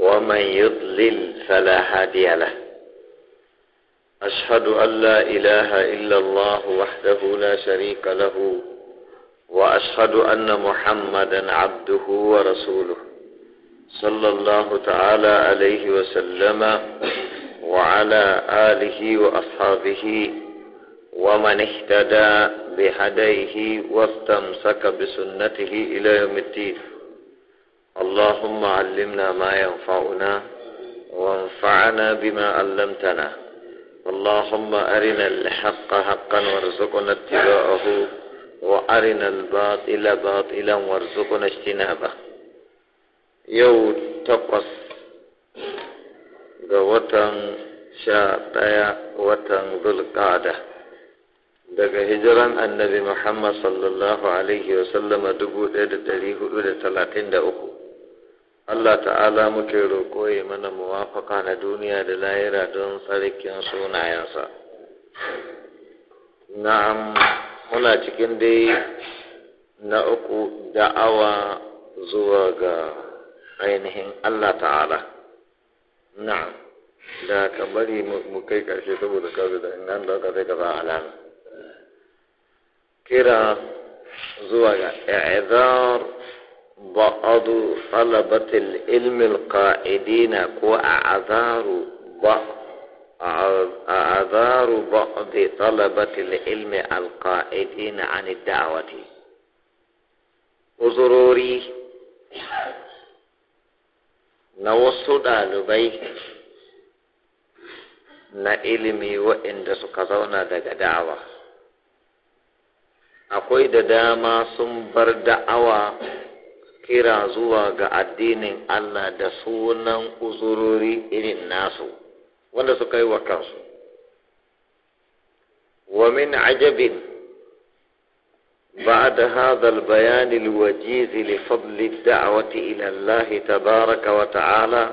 ومن يضلل فلا هادي له أشهد أن لا إله إلا الله وحده لا شريك له وأشهد أن محمدا عبده ورسوله صلى الله تعالى عليه وسلم وعلى آله وأصحابه ومن اهتدى بهديه واستمسك بسنته إلى يوم الدين اللهم علمنا ما ينفعنا وانفعنا بما علمتنا اللهم أرنا الحق حقا وارزقنا اتباعه وأرنا الباطل باطلا وارزقنا اجتنابه يو تقص غوتا شا تايا ذو القعدة دقى هجرا النبي محمد صلى الله عليه وسلم دبو دادة ريه دادة ثلاثين دا Allah ta'ala muke roƙo ya mana muwafaka na duniya da lahira don tsarkin sunayensa. Na'am muna cikin dai na uku da'awa zuwa ga ainihin Allah ta'ala. Na'am da ka bari mu kai ƙarshe saboda kawai da nan da ka sai ka ba alama. Kira zuwa ga i'azar بعض طلبة العلم القائدين كو أعذار بعض أعذار بعض طلبة العلم القائدين عن الدعوة uzurori na wasu ɗalibai na ilimi waɗanda suka zauna daga da'awa akwai da dama sun bar da'awa kira zuwa ga addinin Allah da sunan uzurori irin nasu wanda suka yi wa kansu wa min ajabin بعد هذا البيان الوجيز لفضل الدعوة إلى الله تبارك وتعالى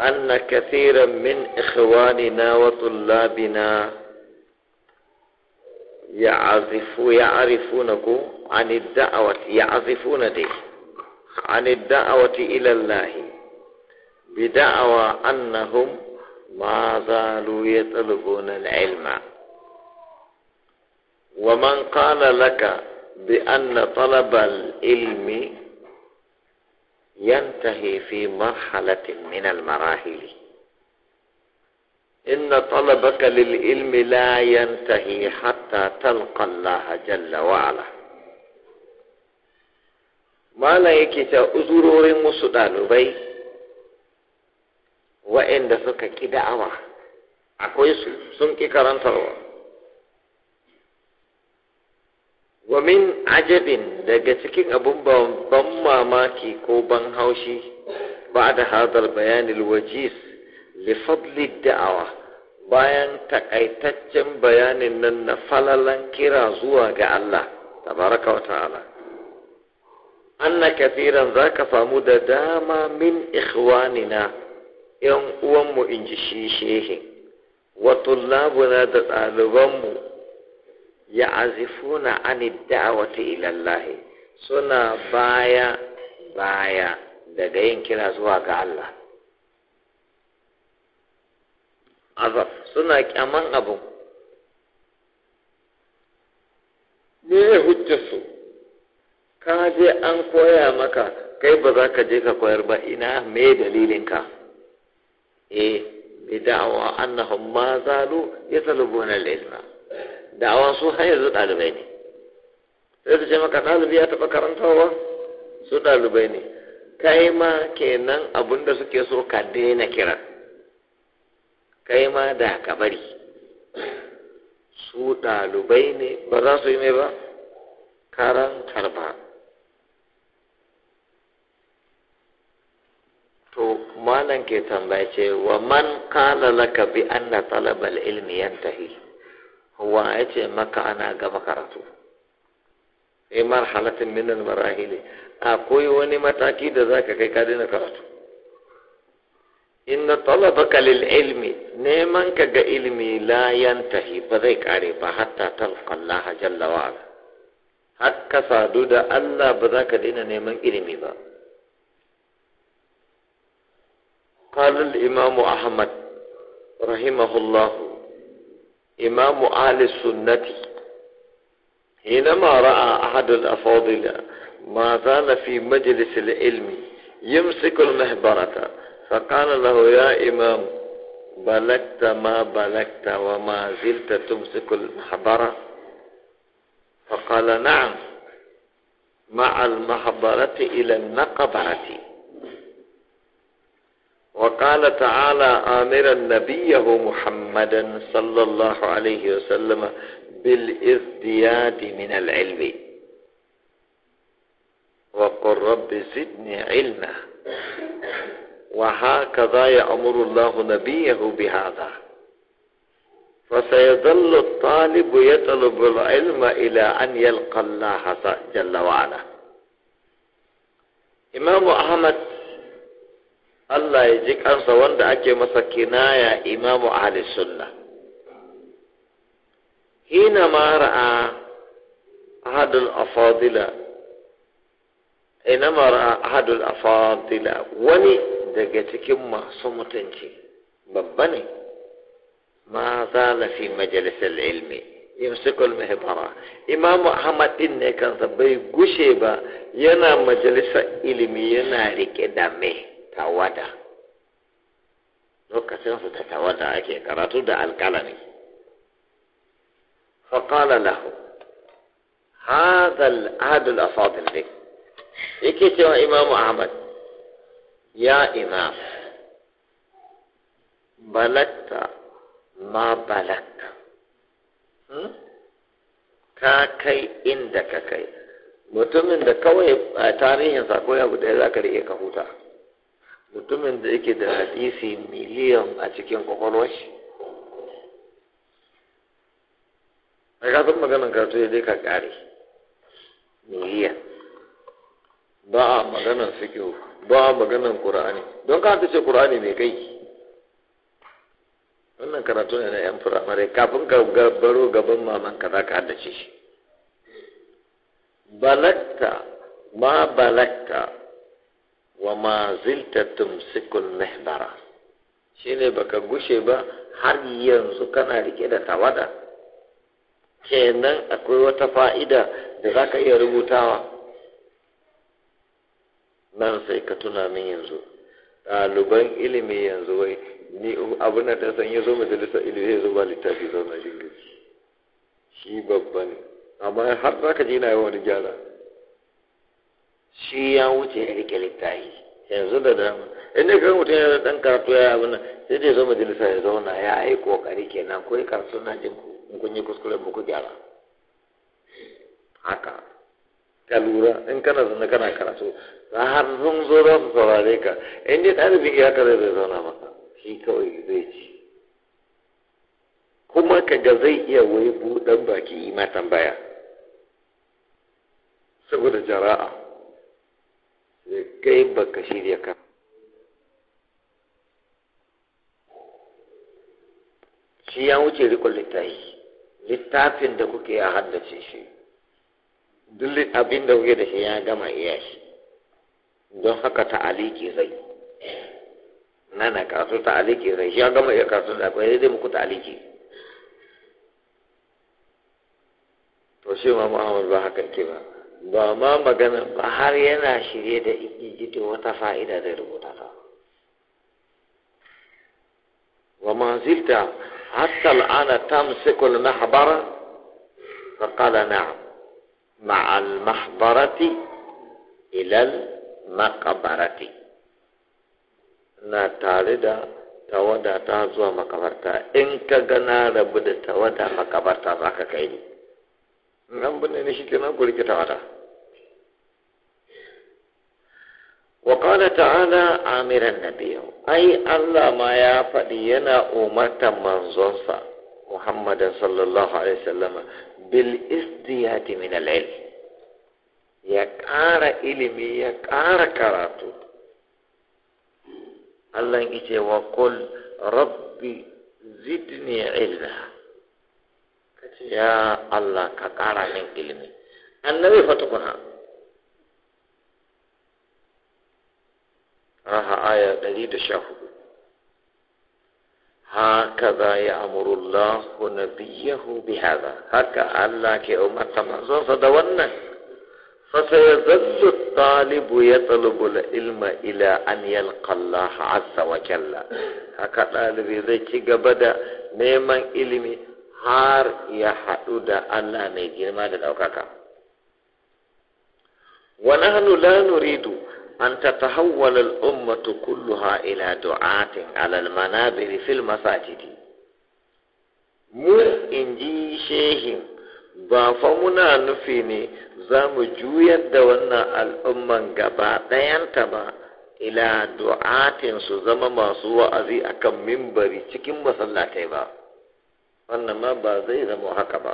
أن كثيرا من إخواننا وطلابنا يعرف يعرفونكم عن الدعوة يعزفون دي عن الدعوة إلى الله بدعوى أنهم ما زالوا يطلبون العلم ومن قال لك بأن طلب العلم ينتهي في مرحلة من المراحل إن طلبك للعلم لا ينتهي حتى تلقى الله جل وعلا malam yake cewa uzurorin musu ɗalibai wa'inda suka ƙi da'awa akwai su sun ƙi karantarwa wa ajabin daga cikin abin ban mamaki ko ban haushi ba da hadar bayanin wajis lifadli da'awa bayan takaitaccen bayanin nan na falalan kira zuwa ga Allah tabaraka wa ta'ala anna kafiran za ka samu da dama min ikhwanina yan uwanmu in ji shi shehi wa tullabuna da ɗalibanmu ya azifuna an da'awati ilallahi suna baya baya daga yin kira zuwa ga Allah azab suna kyaman abu ne hujjarsu ka je an koya maka kai ba za ka je ka koyar ba ina me dalilinka e bi da'awa annahum ma zalu yatalubuna al-ilma da'awa su har yanzu ɗalibai ne sai su ce maka ɗalibi ya taba karantawa su ɗalibai ne kai ma kenan abun da suke so ka daina kira kai ma da ka bari su ɗalibai ne ba za su yi mai ba karan karba to malam ke tambaya ce wa man na laka bi anna talabal ilmi yantahi wa ya ce maka ana gama karatu sai eh, marhalatin minan marahili akwai wani mataki da za ka kai ka daina karatu inna talabaka lil ilmi neman ka ga ilmi la yantahi ba zai kare ba hatta talqa Allah jalla wa ala har ka sadu da Allah ba za ka daina neman ilimi ba قال الإمام أحمد رحمه الله إمام آل السنة حينما رأى أحد الأفاضل ما زال في مجلس العلم يمسك المهبرة فقال له يا إمام بلغت ما بلغت وما زلت تمسك المحبرة فقال نعم مع المحبرة إلى النقبرة وقال تعالى آمرا نبيه محمدا صلى الله عليه وسلم بالازدياد من العلم وقل رب زدني علما وهكذا يأمر الله نبيه بهذا فسيظل الطالب يطلب العلم إلى أن يلقى الله جل وعلا إمام أحمد Allah ya ji kansa wanda ake masa kinaya imamu ahli sunna hina ma ra'a ahadul afadila ina ma ra'a ahadul afadila wani daga cikin masu mutunci babba ne ma zala fi majalisar ilmi yamsikul mihbara imamu ahmad din ne kansa bai gushe ba yana majalisar ilimi yana rike da mai tawada lokacin su ta tawada ake karatu da alkalami faƙala lahu هذا العهد الأفاضل ne yake cewa imamu ahmad ya إمام بلغت ma بلغت hmm? ka kai inda ka kai mutumin da kawai a tarihinsa ko ya da za ka iya ka huta mutumin da yake da hadisi miliyan a cikin kwakwalwar shi a kasan maganin karatu dai ka kare miliyan ba a maganin fikiyo ba a maganin ƙura'ani don ka ce ƙura'ani mai kai wannan karatu ne na 'yan firamare kafin ka baro gaban maman ka za ka haddace shi balakta ma balakta wa ma zilta Shi mihdara shine baka gushe ba har yanzu kana rike da tawada kenan akwai wata fa'ida da zaka iya rubutawa nan sai ka tuna min yanzu ɗaliban ilimi yanzu wai ni abu na ta san ya zo majalisar ilimi zai zo ba littafi na shi shi babba ne amma har za ka je na yawan gyara shi ya wuce ya rike littafi yanzu da dama inda kan mutum ya dan karatu ya abu nan sai dai zo majalisa ya zauna ya yi kokari kenan ko karatu na jin in kun yi kuskuren ba ku gyara haka ka lura in kana zanne kana karatu za har sun zo za su saurare ka in dai ɗalibin ya kare zai zauna maka shi kawai zai ci kuma ka ga zai iya wai buɗan baki yi ma tambaya saboda jara'a kai baka shirya ka shi ya wuce rikon littafi littafin da kuke ya haddace shi duk abin da kuke da shi ya gama iya shi don haka ta'aliki zai na na kasu ta'aliki zai shi ya gama iya kasu da akwai zai muku ta'aliki to shi ma muhammad ba haka ke ba ba ma magana ba har yana shirye da igigitin wata fa'ida da rubuta ta wa ma zilta hatta al'ana tamsikul mahbara fa qala na'am مع المحبرة ilal makabarati na tare da tawada ta zuwa makabarta in ka gana rabu da tawada makabarta za ka kai ni Nan bane ne shi kenan ku rike tawada وقال تعالى عامر النبي أي الله ما يفدينا من زنصة محمد صلى الله عليه وسلم بالاستيات من العلم يكار إلمي يكار كراتو الله يجي وقل ربي زدني علما يا الله كارا من علمي النبي فتقنا raha aya da 114 hakaza ya amuru Allah nabiyahu bihadha haka Allah ke umarta manzonsa da wannan فسيظل الطالب يطلب العلم إلى أن يلقى الله عز وجل haka ɗalibi zai ci gaba da neman ilimi har ya haɗu da Allah mai girma da ɗaukaka. Wa nahnu la nuridu أن تتحول الأمة كلها إلى دعاة على المنابر في المساجد mu in ji shehin ba fa muna nufi ne za mu juyar da wannan al'umman gaba ɗayanta ba ila du'atin su zama masu wa'azi a kan mimbari cikin masallatai ba wannan ma ba zai zama haka ba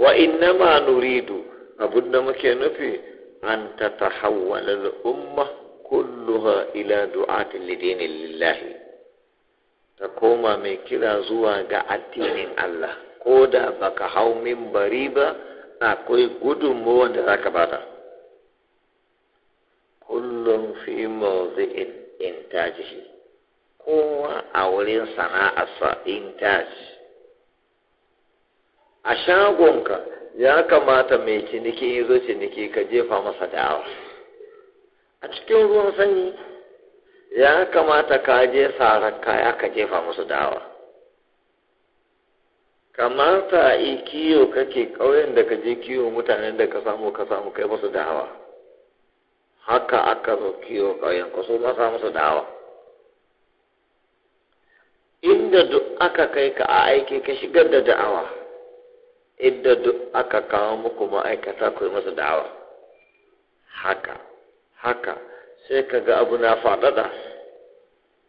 wa ma nuridu abin da muke nufi أن تتحول الأمة كلها إلى دعاة لدين الله تقوم من كلا زوا الدين الله كودا بك هاو من بريبا أكوي قدو موان ذاك بادا كل في موضع إنتاجه kowa a wurin sana'arsa intaji a ya kamata mai ciniki ya zo ciniki ka jefa masa da'awa a cikin ruwan sanyi ya kamata ka je sarar kaya ka jefa musu da'awa kamata a yi kiyo kake ƙauyen da ka je kiyo mutanen da ka samu ka samu kai musu da'awa haka aka zo kiyo ƙauyen ka so masa musu da'awa inda duk aka kai ka a aiki ka shigar da da'awa idda aka kawo muku ma'aikata ku yi masa da'awa haka haka sai ka ga abu na faɗaɗa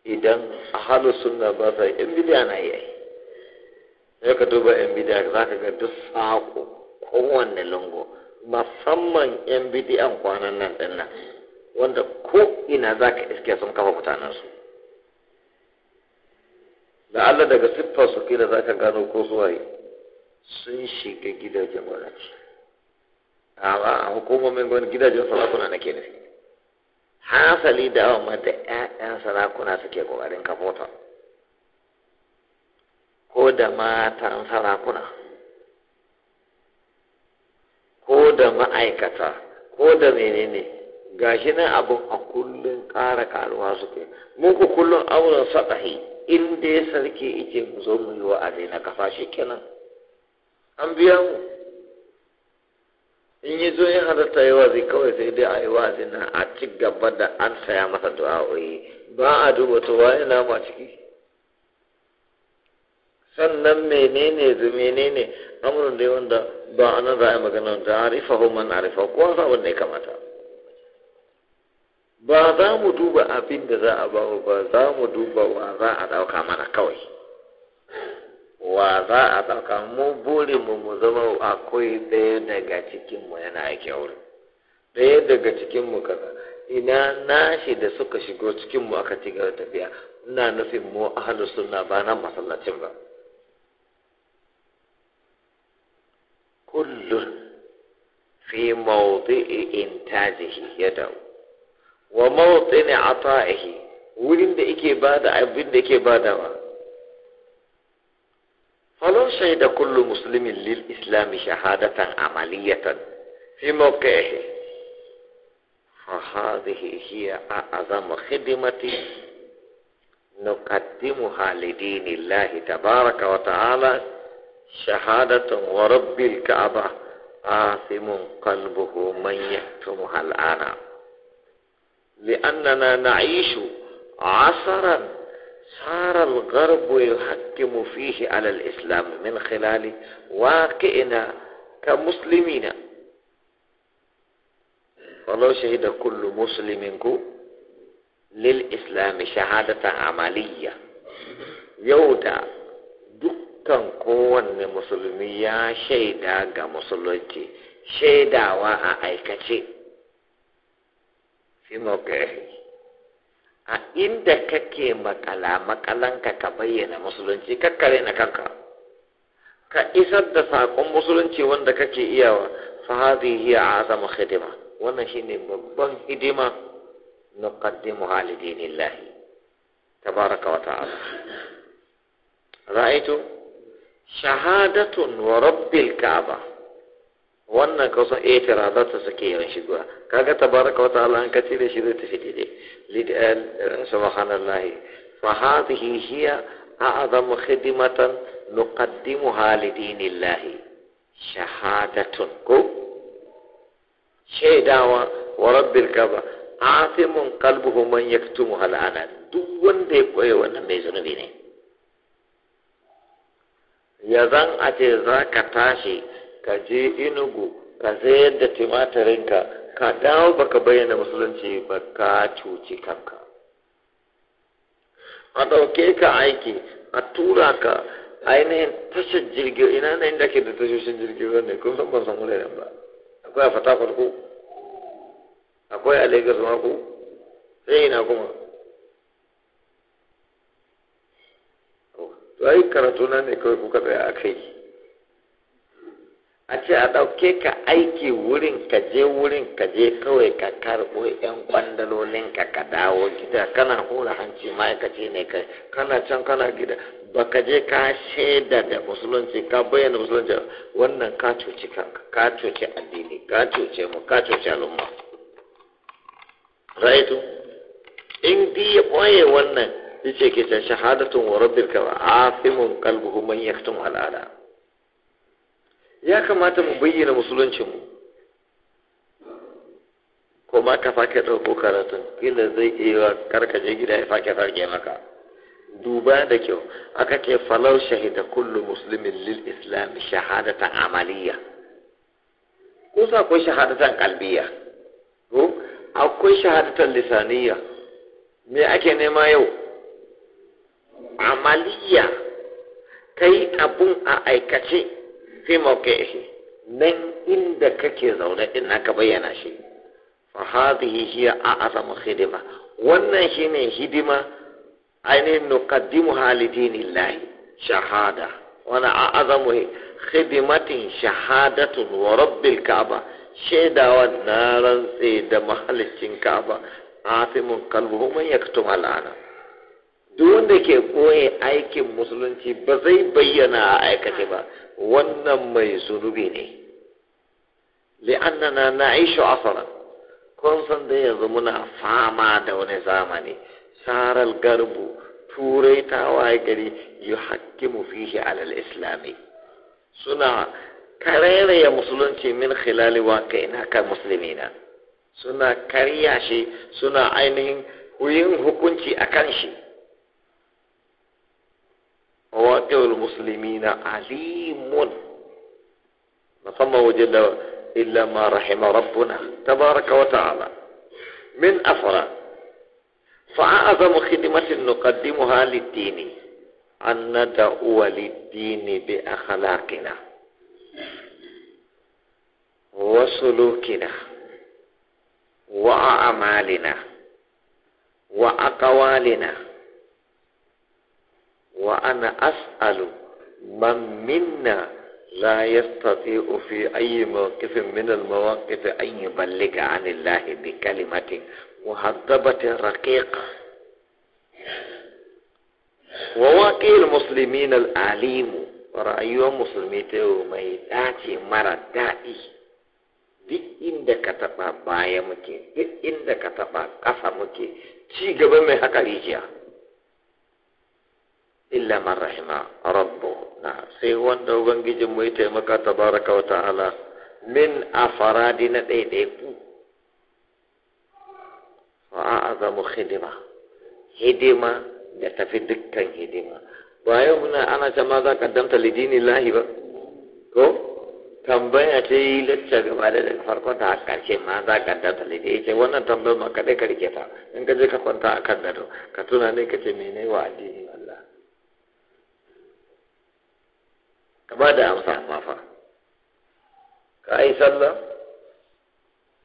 idan a halin suna ba sa yan bidiya na yi sai ka duba yan bidiya za ka ga duk saƙo kowanne lungu musamman yan bidiyan kwanan nan ɗin nan wanda ko ina za ka iske sun kafa mutanensu da Allah daga siffar su kila za ka gano ko suwaye sun shiga gidajen amma a hukumomin gwani gidajen sarakuna na ke nufi hasali da awa da ƴaƴan sarakuna suke ƙoƙarin kafota ko da matan sarakuna ko da ma'aikata ko da menene gashi nan abin a kullum ƙara karuwa suke muku kullum auren saɗahi in dai sarki ike zo mu yi wa'azi na kafa shi kenan an biya mu in yi zo yin halatta yi wazi kawai sai dai a yi wazi na a ci gaba da an saya masa du'a'o'i ba a duba to wa ina ma ciki sannan menene zu menene amurin da wanda ba a nan za a yi magana da arifa ho man arifa ko sa wanda ya kamata ba za mu duba abin da za a ba ba za mu duba wa za a ɗauka mana kawai wa za a ɗauka mu burinmu mu zama akwai ɗaya daga cikinmu yana aiki wurin ɗaya daga cikinmu kaza ina nashi da suka shigo cikinmu aka ci gaba tafiya ina nufin mu ahalu suna ba nan masallacin ba kullun fi mawdi'i intajihi ya dawo wa mawdi'i ata'ihi wurin da yake bada abin da yake badawa فلو شهد كل مسلم للإسلام شهادة عملية في موقعه فهذه هي أعظم خدمة نقدمها لدين الله تبارك وتعالى شهادة ورب الكعبة آثم قلبه من يكتمها الآن لأننا نعيش عصرا صار الغرب يحكم فيه على الإسلام من خلال واقعنا كمسلمين ولو شهد كل مسلم للإسلام شهادة عملية يودع dukkan kowanne musulmi ya shaida ga musulunci shaidawa a aikace fi mawqi a inda kake makala makalanka ka bayyana musulunci kakkare na kanka ka isar da saƙon musulunci wanda kake iyawa fa hadhihi azamu khidma wannan shine babban hidima nuqaddimuha li dinillah tabaraka wa ta'ala ra'aytu shahadatun wa rabbil ka'bah wannan kaso etira za ta sake yawan shigowa kaga tabaraka wata ala an ka cire shi zai tafi daidai lid'an eh, subhanallahi fa hadhihi hiya a'zamu khidmatan nuqaddimuha lidinillahi shahadatun ko shaidawa wa rabbil kaba asimun qalbuhu man yaktumu al'ana duk wanda ya koya wannan mai zunubi ne ya zan a ce za ka tashi ka je inugu ka sayar da timatirinka ka dawo baka bayyana musulunci ba ka cuci kanka a ɗauke ka aiki a tura ka ainihin tashar jirgin ina na inda ke da tashoshin jirgin ruwa ne kuma ban san wuraren ba akwai a fatakwal ko akwai a lagos ma ko sai ina kuma to ai karatu na ne kawai kuka tsaya a kai a ce a ɗauke ka aiki wurin ka je wurin ka je kawai ka karɓo 'yan kwandalolin ka ka dawo gida kana hura hanci ma'aikaci ne kai kana can kana gida ba ka je ka shaida da musulunci ka bayyana musulunci wannan ka cuci kanka ka cuci addini ka cuce mu ka cuci al'umma raitu in di ya ɓoye wannan yace ke can shahadatun wa rabbil wa afimun qalbuhu man yaktum al'ada ya kamata mu bayyana musuluncinmu ko ma ka fake ɗauko karatun kila zai iya karkaje gida ya fake farge maka duba da kyau aka ce falau shahida kullu muslimin lil islam ta amaliya ko sa akwai ta kalbiya ko akwai ta lisaniya me ake nema yau amaliya kai abun a aikace fi mawqi'ihi nan inda kake zaune din naka bayyana shi fa hadhihi hiya a'zamu khidma wannan shine hidima ainihin nuqaddimuha li dinillahi shahada wana a'zamu hidimatin shahadatun wa rabbil ka'ba shaidawa na rantse da mahalicin ka'ba afimun kalbu man yaktum al'ana duk wanda ke koye aikin musulunci ba zai bayyana a aikace ba wannan mai zunubi ne li'annana na'ishu asaran kun san da yanzu muna fama da wani zamani saral garbu turai ta waye gari yi hakimu fihi alal islami suna karairaya musulunci min khilali waƙa'in kan musulmina suna karya shi suna ainihin yin hukunci a kan shi وواقع المسلمين عليم نصمه جل إلا ما رحم ربنا تبارك وتعالى من أفراد فأعظم خدمة نقدمها للدين أن ندعو للدين بأخلاقنا وسلوكنا وأعمالنا وأقوالنا wa ana as'alu man minna la yastati'u fi ayyi mawqifin min al-mawaqif an yuballigha 'an Allah bi kalimatin muhaddabatin raqiqa wa waqi' muslimin al alim rayuwar musulmi mai dace mara daɗi duk inda ka taɓa baya muke duk inda ka taɓa ƙasa muke ci gaba mai haka rijiya illa man rahima rabbu na sai wanda ubangijin mu ya taimaka tabaraka wa ta'ala min afaradi na ɗaiɗai ku wa a'azamu hidima hidima da tafi dukkan hidima ba yau muna ana can ma za ka damta lidini lahi ba ko tambaya ce yi lacca gaba da daga farkon ta ce ma za ka damta lidini ce wannan tambayar ma kaɗai ka rike ta in ka je ka kwanta a kan gado ka tuna ne ka ce mene wa addini Allah ka ba da amsa mafa ka yi sallah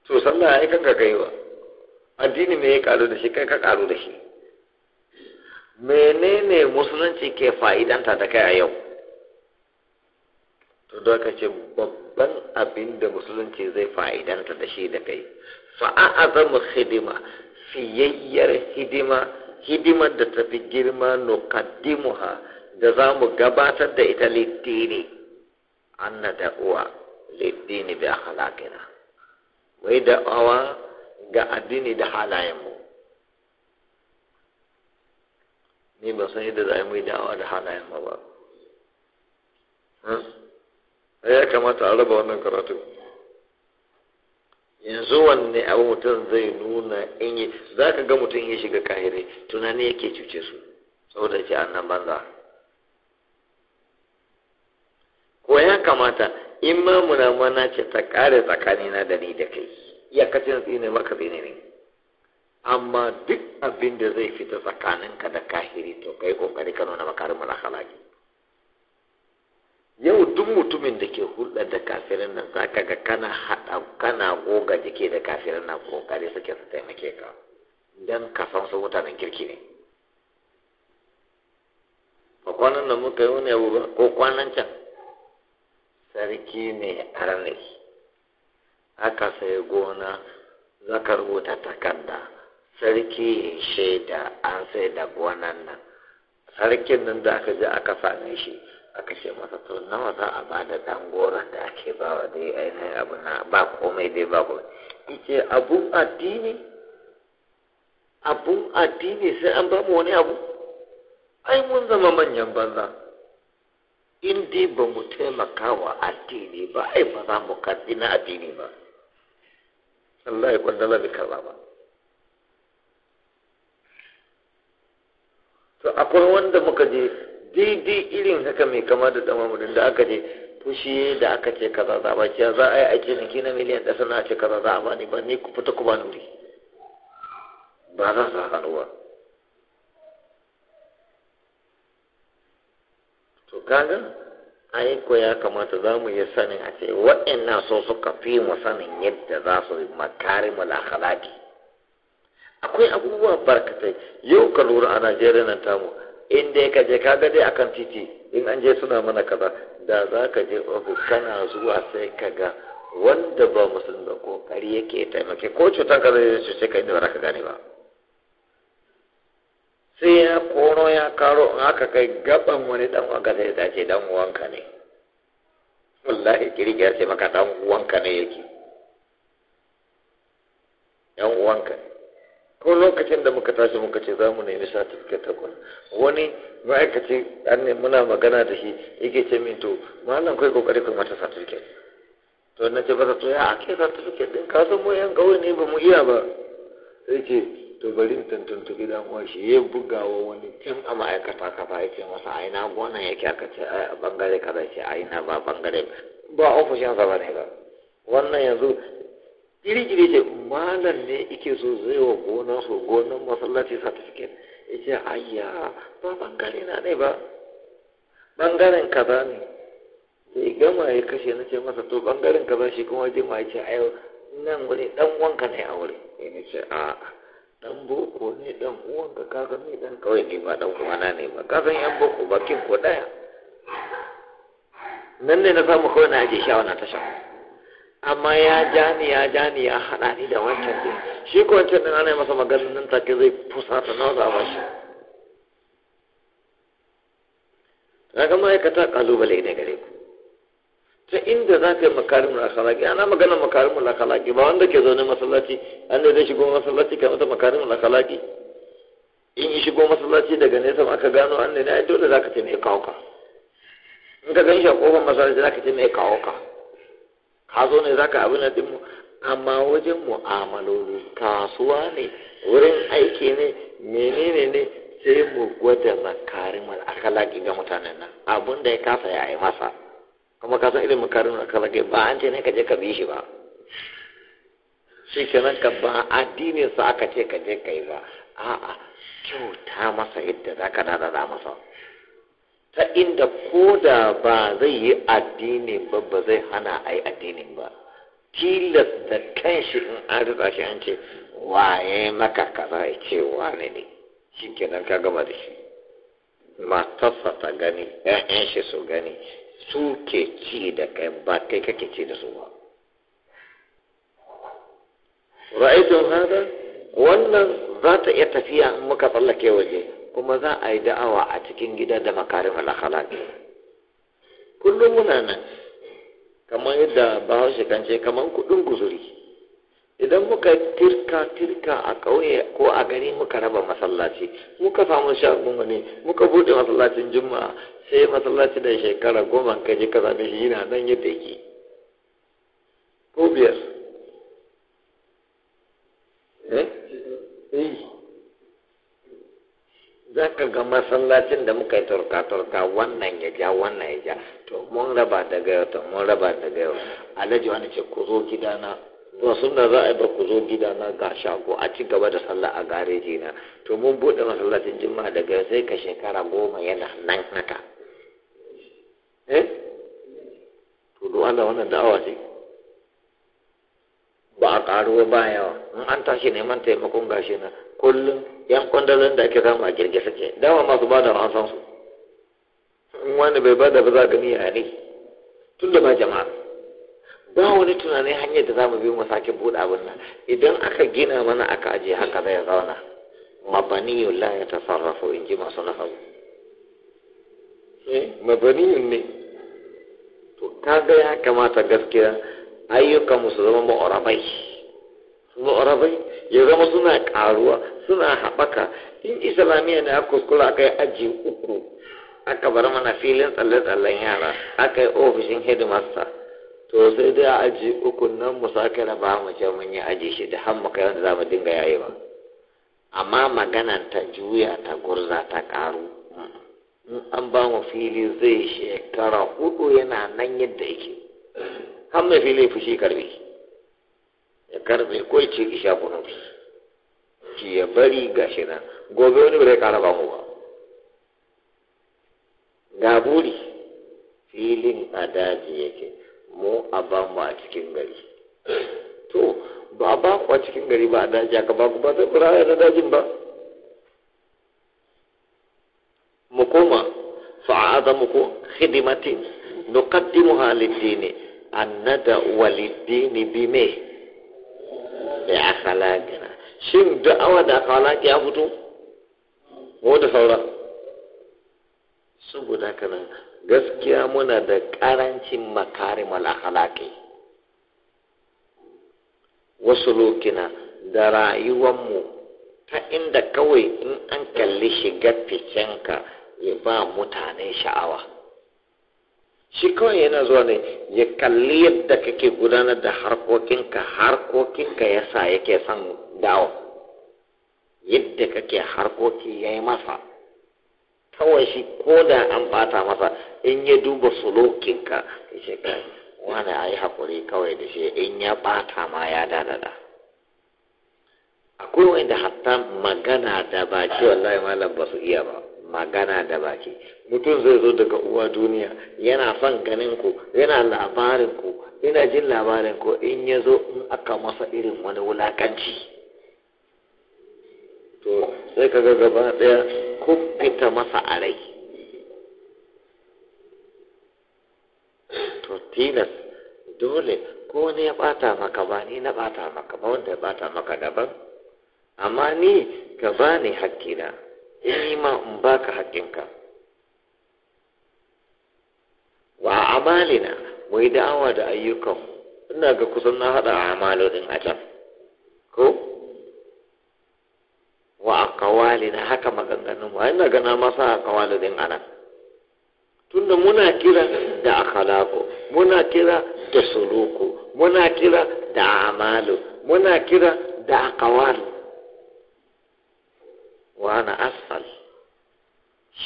to sallah ai kanka wa. addini me ya karu da shi kai ka karu da shi menene musulunci ke fa'idanta da kai a yau to da ka ce babban abin da musulunci zai fa'idanta da shi da kai fa'azamu hidima fiyayyar hidima hidimar da tafi girma nukaddimuha da za mu gabatar da ita littini an na da'uwa littini da halakina wai da'awa ga addini da halayenmu ni ba san yadda za mu yi da'awa da halayenmu ba hmm? ya kamata a raba wannan karatu yanzu wanne abu mutum zai nuna in yi za ka ga mutum ya shiga kahire tunani yake cuce su saboda ke annan banza ko ya kamata in ma munamana ce ta kare tsakanina da ni da kai ya na tsine maka tsine ne amma duk abin da zai fita tsakaninka da kahiri to kai kokari ka nuna makarin malakalaki yau duk mutumin da ke hulɗa da kafirin nan zaka ga kana haɗa kana goga jike da kafirin nan kokari suke su taimake ka dan ka san su mutanen kirki ne ko kwanan nan muka yi wani abu ko kwanan can sarki ne arne aka sai gona zaka rubuta takarda sarki shaida an sai da gonan nan sarkin nan da aka ji aka same shi aka ce masa to nawa za a ba da dan gora da ake ba wa dai ainihin abu na ba komai dai ba komai ice abun addini abun addini sai an ba mu wani abu ai mun zama manyan banza in dai ba mu taimaka wa addini ba ai ba za mu karɓi na addini ba Allah ya kwanta bai karɓa ba to akwai wanda muka je daidai irin haka mai kama da mu da aka je to da aka ce kaza za ba za a yi aiki niki na miliyan ɗasa na ce kaza za a ni ba ni ku fita ku ba nuri ba za su haɗu ba to kaga ai ko ya kamata za mu yi sanin a ce waɗannan so suka fi mu sanin yadda za su yi makarimul akhlaqi akwai abubuwa barkatai yau ka lura a Najeriya nan tamu in dai ka je kaga dai akan titi in an je suna mana kaza da za ka je ofis kana zuwa sai ka ga wanda ba musulmi ba kokari yake taimake ko cutar kaza zai cuce ka inda ba za ka gane ba sai ya koro ya karo in aka kai gaban wani dan uwanka sai ta ce dan uwanka ne wallahi ya ce maka dan uwanka ne yake yan uwanka ko lokacin da muka tashi muka ce za mu nemi satifiket ta kwana wani ma'aikaci an ne muna magana da shi yake ce min to malam kai kokari kai mata satifiket to na ce ba to ya ake satifiket din ka san mu yan kauye ne ba mu iya ba yake to bari in tuntuntubi dan uwan shi ya buga wa wani can a ma'aikata kafa ya ce masa a ina gonan yake aka ce a bangare kaza ce a ina ba bangare ba Ba ofishin sa bane ba wannan yanzu iri-iri ce malam ne ike so zai wa gonan su gonan masallaci certificate ya ce ayya ba bangare na ne ba bangaren kaza ne sai gama ya kashe na ce masa to bangaren kaza shi kuma jima ya ce a yau nan wani dan wanka ne a wuri ya ce a'a dan boko ne dan ka kaga ni dan kawai ne ba dan uwana ne ba kaga yan boko bakin ko daya nan ne na samu kawai na aje shawa na tasha amma ya ja ni ya ja ni ya hada ni da wancan din shi ko wancan din ana masa maganin nan take zai fusata na za ba shi kaga ma'aikata kalubale ne gare ku ta inda za ka yi makarimul akhlaqi ana magana makarimul akhlaqi ba wanda ke zaune masallaci an da zai shigo masallaci ka mata makarimul akhlaqi in yi shigo masallaci daga nesa ma aka gano an ne na dole za ka ce mai kawo ka in ka gan shi a kofar masallaci za ka ce mai kawo ka ka zo ne za ka abin da mu amma wajen mu'amalolu kasuwa ne wurin aiki ne menene ne sai mu gwada makarimul akhlaqi ga mutanen nan abin da ya kasa ya yi masa kuma ka san irin makarin ka rage ba an ce ne ka je ka bi shi ba shi ka ba addinin sa aka ce ka je ka yi ba a'a kyauta masa yadda za ka dada masa ta inda ko da ba zai yi addinin ba ba zai hana a yi addinin ba tilas da kan shi in an rika shi an ce waye maka kaza a ce wane ne shi ka gama da shi matarsa ta gani 'ya'yan eh, eh, shi su gani su ke ci da kai ba kai kake ci da su ba ra'aitun hada wannan za ta iya tafiya muka tsallake waje kuma za a yi da'awa a cikin gida da makarim al-akhlaq kullum muna nan kamar yadda bahaushe kan ce kamar kudin guzuri idan muka tirka tirka a ƙauye ko a gari muka raba masallaci muka samu shagun wani muka buɗe masallacin juma'a sai masallaci da shekara goma ka je ka zaɓe shi yana nan yadda yake ko biyar eh? Eh. za ka ga masallacin da muka yi turka-turka wannan ya ja wannan ya ja to mun raba daga yau to mun raba daga yau alhaji wani ce ku zo gidana to sunna za a yi bar ku zo gida na ga shago a ci gaba da sallah a gareji na to mun bude masallacin juma'a daga sai ka shekara goma yana nan haka eh to do Allah wannan da'awa ce ba a ƙaruwa ba yawa in an tashi neman taimakon gashi na kullum yan kwandalin da ake kama a girge suke dama masu ba da an san su in wani bai bada ba za gani a ne tun da ba jama'a ba wani tunanin hanyar da za mu bi mu sake buɗe abin nan idan aka gina mana aka aje haka zai zauna mabaniyun la ya tasarrafu in ji masu nasabu eh mabaniyun ne to kaga ya kamata gaskiya ayyukan mu su zama ma'arabai ma'arabai ya zama suna karuwa suna haɓaka in islamiyya ne aka kuskura aka yi aji uku aka bar mana filin tsalle-tsallen yara aka yi ofishin headmaster to sai dai a aji ukun nan mu sake raba mu ce mun yi aji shi da har mu kai wanda za mu dinga ba? amma maganan ta juya ta gurza ta karu in an ba mu fili zai shekara hudu yana nan yadda yake har mai fili fushi karbe ya karbe ko ya ce isha kunu ki ya bari gashi nan gobe wani bai kara ba mu ba ga buri filin a daji yake mu a ba mu a cikin gari to ba ba ku a cikin gari ba a daji aka ba ku ba zai kura da dajin ba mu koma fa'aza mu ko hidimatin nuqaddimuha lid-dini annada walid-dini bime bi akhlaqina shin awa da akhlaqi ya fito mu da saura sun guda nan gaskiya muna da ƙarancin makari akhlaqi wasu lokina da rayuwanmu ta inda kawai in an kalli shiga ka ya ba mutane sha'awa shi kawai yana zuwa ne ya kalli yadda kake gudanar da harkokinka harkokinka ya sa yake son dawo yadda kake harkoki ya yi masa kawai shi ko da an bata masa in ya duba sulokinka ya ce kai wani a yi haƙuri kawai da shi in ya bata ma ya dadada akwai wanda hatta magana da baki wallahi malam ba su iya ba magana da baki mutum zai zo daga uwa duniya yana son ganin ku yana labarin ku ina jin labarin ku in ya zo in aka masa irin wani wulakanci to sai kaga gaba daya kuffita masa a rai to tilas dole ko wani ya bata maka ba ni na bata maka ba wanda ya bata maka daban amma ni ka ba ni hakkina in ma in baka hakkinka wa amalina mu yi da'awa da ayyukan ina ga kusan na haɗa a amalodin a can ko wa na haka maganganun mu ina gana masa aqwalu din ana tunda muna kira da akhlaqu muna kira da suluku muna kira da amalu muna kira da akawali wa ana asfal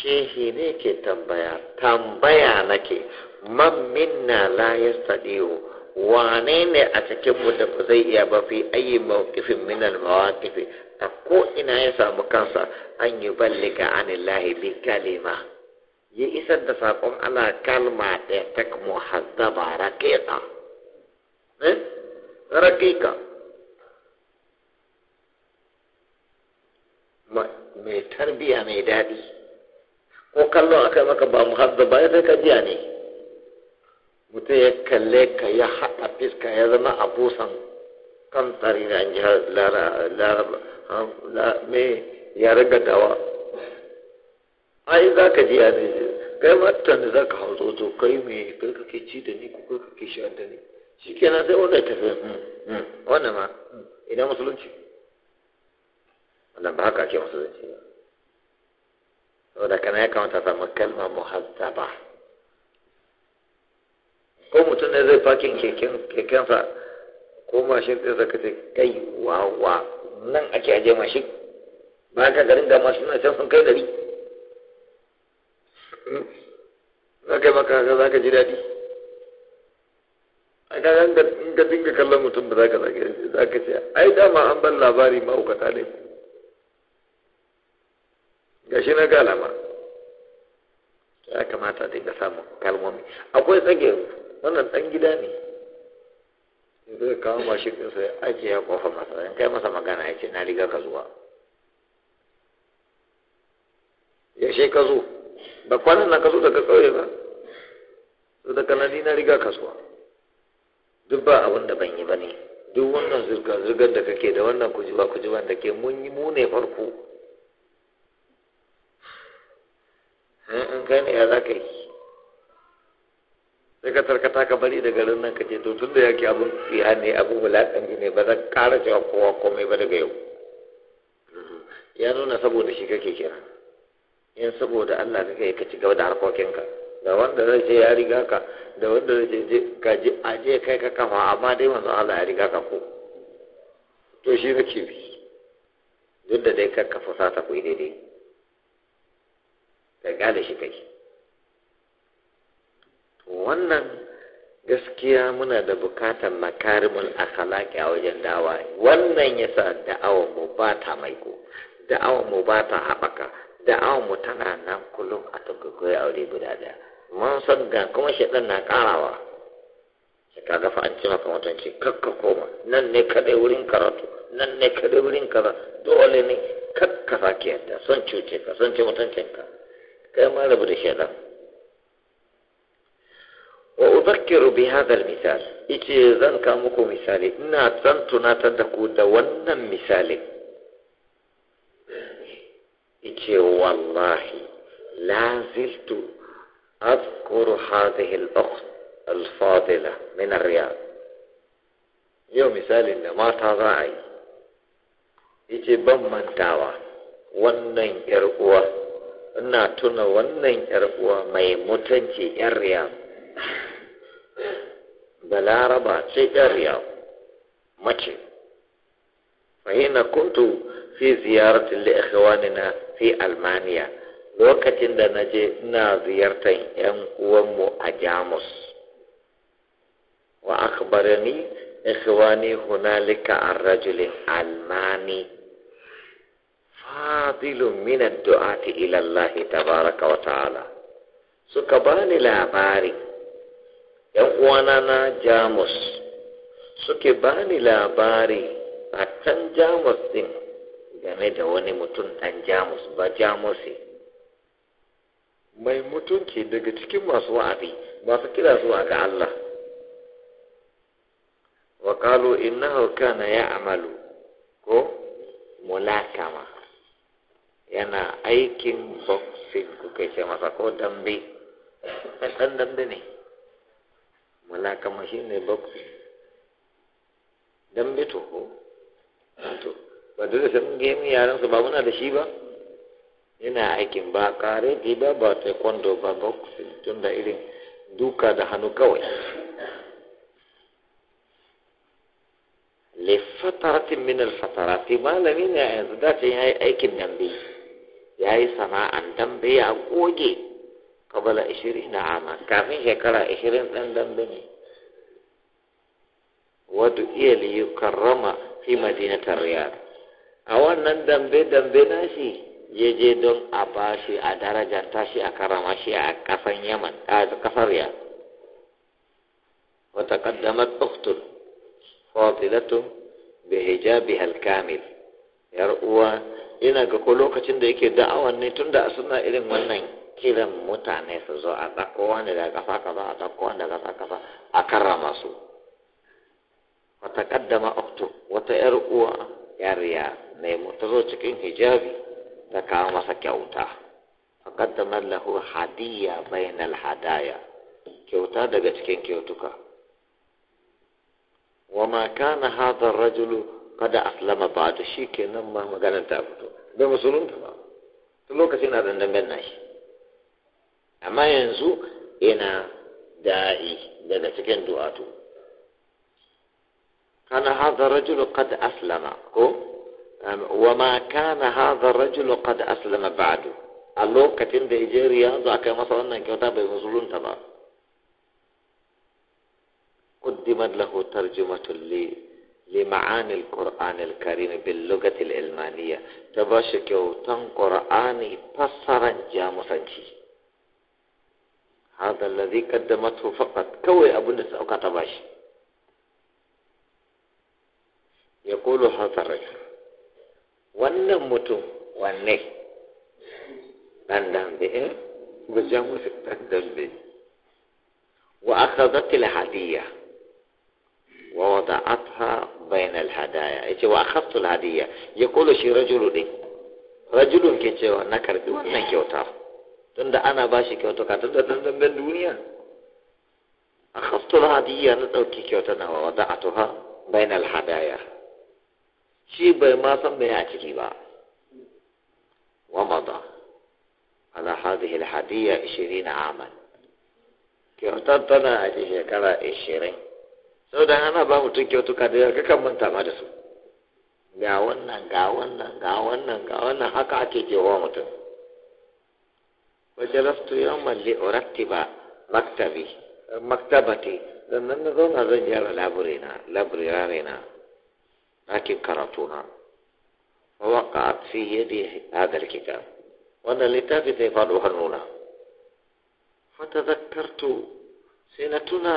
shehi ne ke tambaya tambaya nake man minna la yastadiu wane ne a cikin mu da ba zai iya ba fi ayi mawqifin min al a ko ina ya samu kansa an yi ballika anillahi bi kalima ya isar da saƙon ana kalma ɗaya ta muhazzaba raqiqa eh raqiqa mai tarbiya mai daɗi ko kallo a kai maka ba muhazzaba ya sai ka biya ne mutum ya kalle ka ya haɗa fiska ya zama abusan tari na jihar laraba me ya riga dawa ai za ka ji yanar kai matan da za ka hau zoto kai me kai kake ci da ni ko kai kake sha da ni shi kenan sai wanda ya tafi hmm, hmm, wannan ma hmm, idan musulunci wannan ba haka ake musulunci ba saboda kana ya kamata samu kalma muhazzaba ko mutum ne zai fakin kekensa ko mashin ɗin zaka ce kai wawa nan ake aje mashin ba ka garin da mashin na can sun kai dari za ka yi maka haka za ka ji daɗi a kayan ga dinga kallon mutum ba za ka za ka ce ai dama an ban labari ma'aukata ne gashi na galama ya kamata a dinga samun kalmomi akwai tsage wannan ɗan gida ne zai kawo mashi ɗinsa ya ake ya kofa masa in kai masa magana ya ce na riga ka zuwa yaushe ka zo da kwanan na ka zo daga ƙauye ba su daga nan na riga ka zuwa duk ba abin da ban yi ba ne duk wannan zirga-zirgar da kake da wannan kujiba kujiban da ke mun yi mu ne farko in kai ne ya za ka yi sai ka tarkata ka bari da garin nan ka ce to tun da yake abun tsiya ne abu wulaƙanci ne ba zan ƙara cewa kowa komai ba daga yau ya nuna saboda shi kake kira in saboda Allah kake ka ci gaba da harkokinka da wanda zai ce ya riga ka da wanda zai ce ka je a je kai ka kafa amma dai manzon Allah ya riga ka ko to shi nake bi duk da dai ka kafa sata ku daidai ka gane shi kai wannan gaskiya muna da bukatar makarimul akhlaqi a wajen dawa wannan yasa da'awar mu ba ta maiko da'awar mu ba ta haɓaka da'awar mu tana nan kullum a a aure guda daya mun san ga kuma shaɗan na ƙarawa sai ka gafa an ci maka mutunci kakka koma nan ne kaɗai wurin karatu nan ne kaɗai wurin kaza dole ne kakka sake yadda son cuce ka son ci mutuncinka kai ma rabu da shaɗan وأذكر بهذا المثال إيكي ذن كاموكو مثالي ناتن تناتن تكود ونن مثالي إيكي والله لا زلت أذكر هذه الأخت الفاضلة من الرياض يوم مثالي ما تضاعي إيكي بمن تاوى ونن إرقوة ina tuna wannan 'yar ما mai الرياض balaraba ce ɗan riyau mace fahina kuntu fi ziyaratin li na fi almaniya lokacin da na je ina ziyartar yan uwanmu a jamus wa akhbarani ikhwani hunalika an rajulin almani fadilun minan duati ila tabaraka wa ta'ala suka bani labari ‘yan uwana na Jamus suke bani labari a can Jamus din, game da wani mutum ɗan Jamus ba Jamusi. Mai mutunci daga cikin masu wa'azi masu kira zuwa ga Allah. Wa kalu hauka na ya amalu ko mulakama yana aikin boxing kuka ce masa ko dambe ɗan dambe ne. malaka kama shi ne bakwai don bito ko ba dole sai mun gemi yaran su ba muna da shi ba yana aikin ba kare di ba ba taekwondo ba boxing tun da irin duka da hannu kawai fatarati min fatarati. malami ne yanzu dace ya yi aikin dambe ya yi sana'an dambe ya goge kabala ishirin na ama kafin shekara ishirin ɗan dambe ne wato iya liyu karrama fi a wannan dambe dambe na shi ya je don a ba shi a darajar tashi a karama shi a kasan yaman a kasar ya? wata kaddamat ukhtun fadilatu bi hijabiha kamil yar uwa ina ga ko lokacin da yake da'awan ne tunda suna irin wannan kiran mutane su zo a ɗauko wani da kafa kafa a ɗauko wani da kafa kafa a karrama su wata kaddama oktu wata yar uwa yariya mai ta zo cikin hijabi ta kawo masa kyauta a kaddamar lahu hadiyya bainal hadaya kyauta daga cikin kyautuka wa ma kana hada rajulu kada aslama ba da shi kenan ma maganar ta fito bai musulunta ba tun lokacin na dandan nashi amma yanzu ina da'i daga cikin du'atu kana hadha rajulu qad aslama ko wa ma kana hadha rajulu qad aslama ba'du a lokacin da yaje riyadu aka masa wannan kyauta bai musulunta ba قدمت له ترجمة لمعاني القرآن الكريم باللغة الإلمانية تباشر كيوتان قرآني فسرا جامسا جي هذا الذي قدمته فقط كوي أبو نسا وكتباش يقول هذا الرجل ونمت متو وانا بندان بيه بجامس بندان بيه وأخذت الهدية ووضعتها بين الهدايا إيش وأخذت الهدية يقول شي رجل دي رجل كيتشي ونكر دي وانا كيوتاه tunda ana ba shi kyautuka tunda dan damben duniya a khastul hadiyya na ɗauki kyauta na wada a tuha bainal hadaya shi bai ma san bai a ciki ba wa mada ala hadhihi al hadiyya 20 aman Kyauta tana a shekara 20 da ana ba mutum kyautuka da yawa kakan manta ma da su ga wannan ga wannan ga wannan ga wannan haka ake kewa mutum وجلست يوما لأرتب مكتبي مكتبتي sannan na zauna zan gyara laburina laburarina ɗakin karatuna waka a fi yadda hadar kitab wannan littafi sai faɗo hannuna fata zakkartu sai na tuna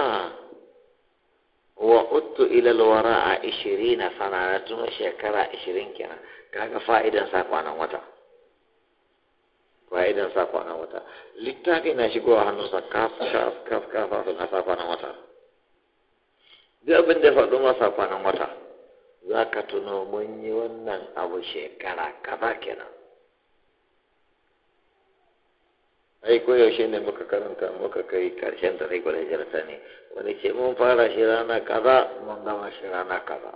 wa utu ilal wara a ishirin na sana na tuna shekara ishirin kenan kaga fa'idan sa kwanan wata ba idan sa kwanan wata littafi na shigowa hannunsa kaf kaf kaf kaf na sa kwanan wata duk abin da ya faɗo ma sa wata za ka tuno mun yi wannan abu shekara kaza kenan ai ko yaushe ne muka karanta muka kai karshen da raiko da jirta ne wani ke mun fara shi rana kaza mun gama shi rana kaza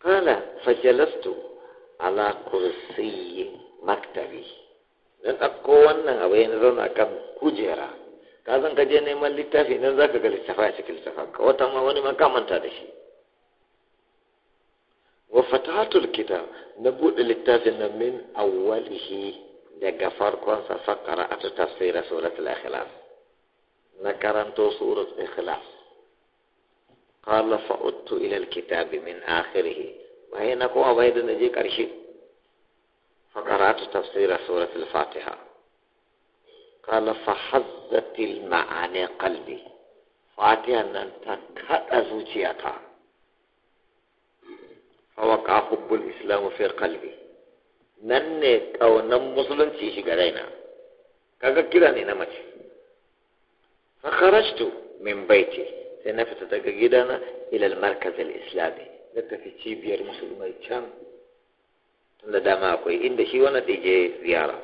قال فجلست على كرسي مكتبي na ɗauko wannan abu ya zauna kan kujera ka san ka je neman littafi nan za ka ga littafa a cikin littafin ka wata ma wani ma ka manta da shi wa fatahatul kitab na buɗe littafin nan min awwalihi daga farkon sa fakara a tafsira suratul ikhlas na karanto suratul ikhlas qala fa'udtu ila alkitabi min akhirih bayan na kuma bai da je ƙarshe faƙaratu tafsira suratul fatiha kala fahazzatil ma'ani qalbi fatiha nan ta kada zuciyata fawaka hubbul islamu fi qalbi nan ne ƙaunan musulunci shi shiga raina kaga kira ne na mace fakharajtu min baiti sai na fita daga gidana ila al-markaz al-islami ya tafi cibiyar musulmai can da dama akwai inda shi wani ɗige ziyara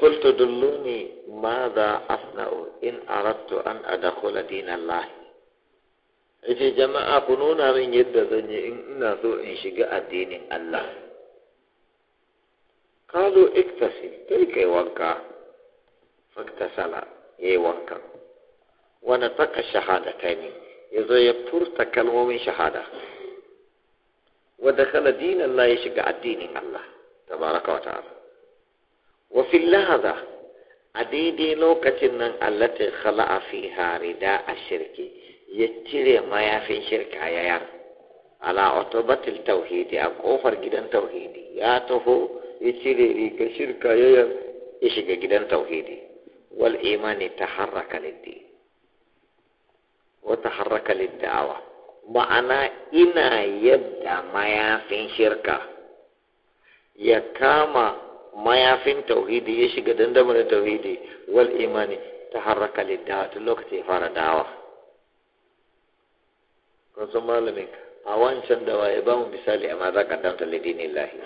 kultu dulluni ma za asna'u in arattu an adakula dinan lahi yace jama'a ku nuna min yadda zan yi in ina so in shiga addinin Allah kazo iktasi kai kai wanka faktasala yayi wanka wa nataka shahadataini ya ya furta kalmomin shahada wadda kala dinin la ya shiga addinin Allah tabaraka wa ta'ala wa fil lahaza a daidai lokacin nan allati khala'a harida a shirki ya cire mayafin shirka ya yar ala utubatil tauhidi a kofar gidan tauhidi ya taho ya cire rigar shirka ya yar ya shiga gidan tauhidi wal imani taharraka liddi wata haraka liddawa ma'ana ina yadda mayafin shirka ya kama mayafin tauhidi ya shiga dandamar tauhidi wal imani ta haraka liddawa tun lokaci ya fara da'awa. kun san malamin a wancan da waye ba mu misali amma za ka danta lidinin lahi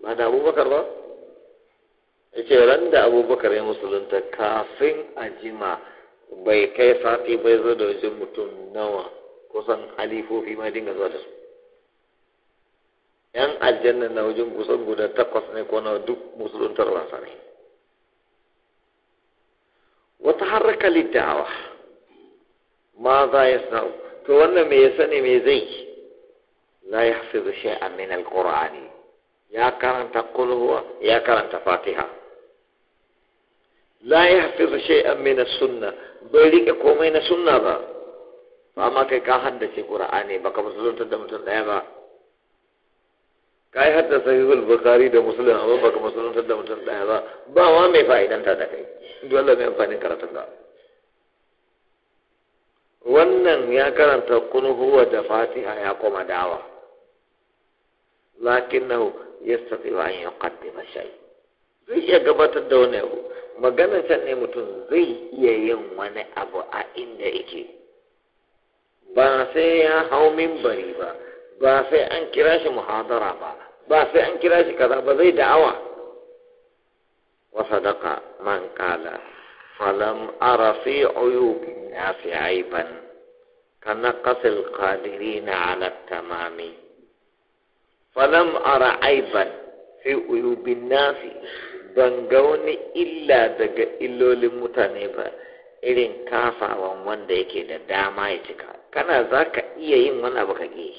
ba da abubakar ba ya ce ran da abubakar ya musulunta kafin a jima bai kai sati bai zo da wajen mutum nawa kusan halifofi ma dinga zuwa da su yan aljanna na wajen kusan guda takwas ne ko na duk musuluntar wasa ne wata harka littawa ma za ya sana'u to wannan me ya sani me zai la ya hafizu shay'an min alqur'ani ya karanta kulhuwa ya karanta fatiha la ya hafizu shay'an min as-sunna bai rike komai na sunna ba ba ma kai ka haddace qur'ani baka musulunta da mutum daya ba kai hadda al bukhari da muslim amma baka musulunta da mutum daya ba ba wa mai fa'idanta da kai Allah mai amfani karatun da wannan ya karanta kun huwa da fatiha ya koma dawa lakinnahu yastati an yuqaddima shay zai iya gabatar da wani abu magana can ne mutum zai iya yin wani abu a inda yake ba sai ya hau mimbari ba ba sai an kira shi muhadara ba ba sai an kira shi kaza ba zai da'awa wa sadaka man kala falam ara fi uyubin fi aiban كنقص القادرين mami. التمام ara aiban عيبا في na fi. ban ga wani illa daga illolin mutane ba irin kafawan wanda yake da dama ya cika kana za ka iya yin wani abu ka ke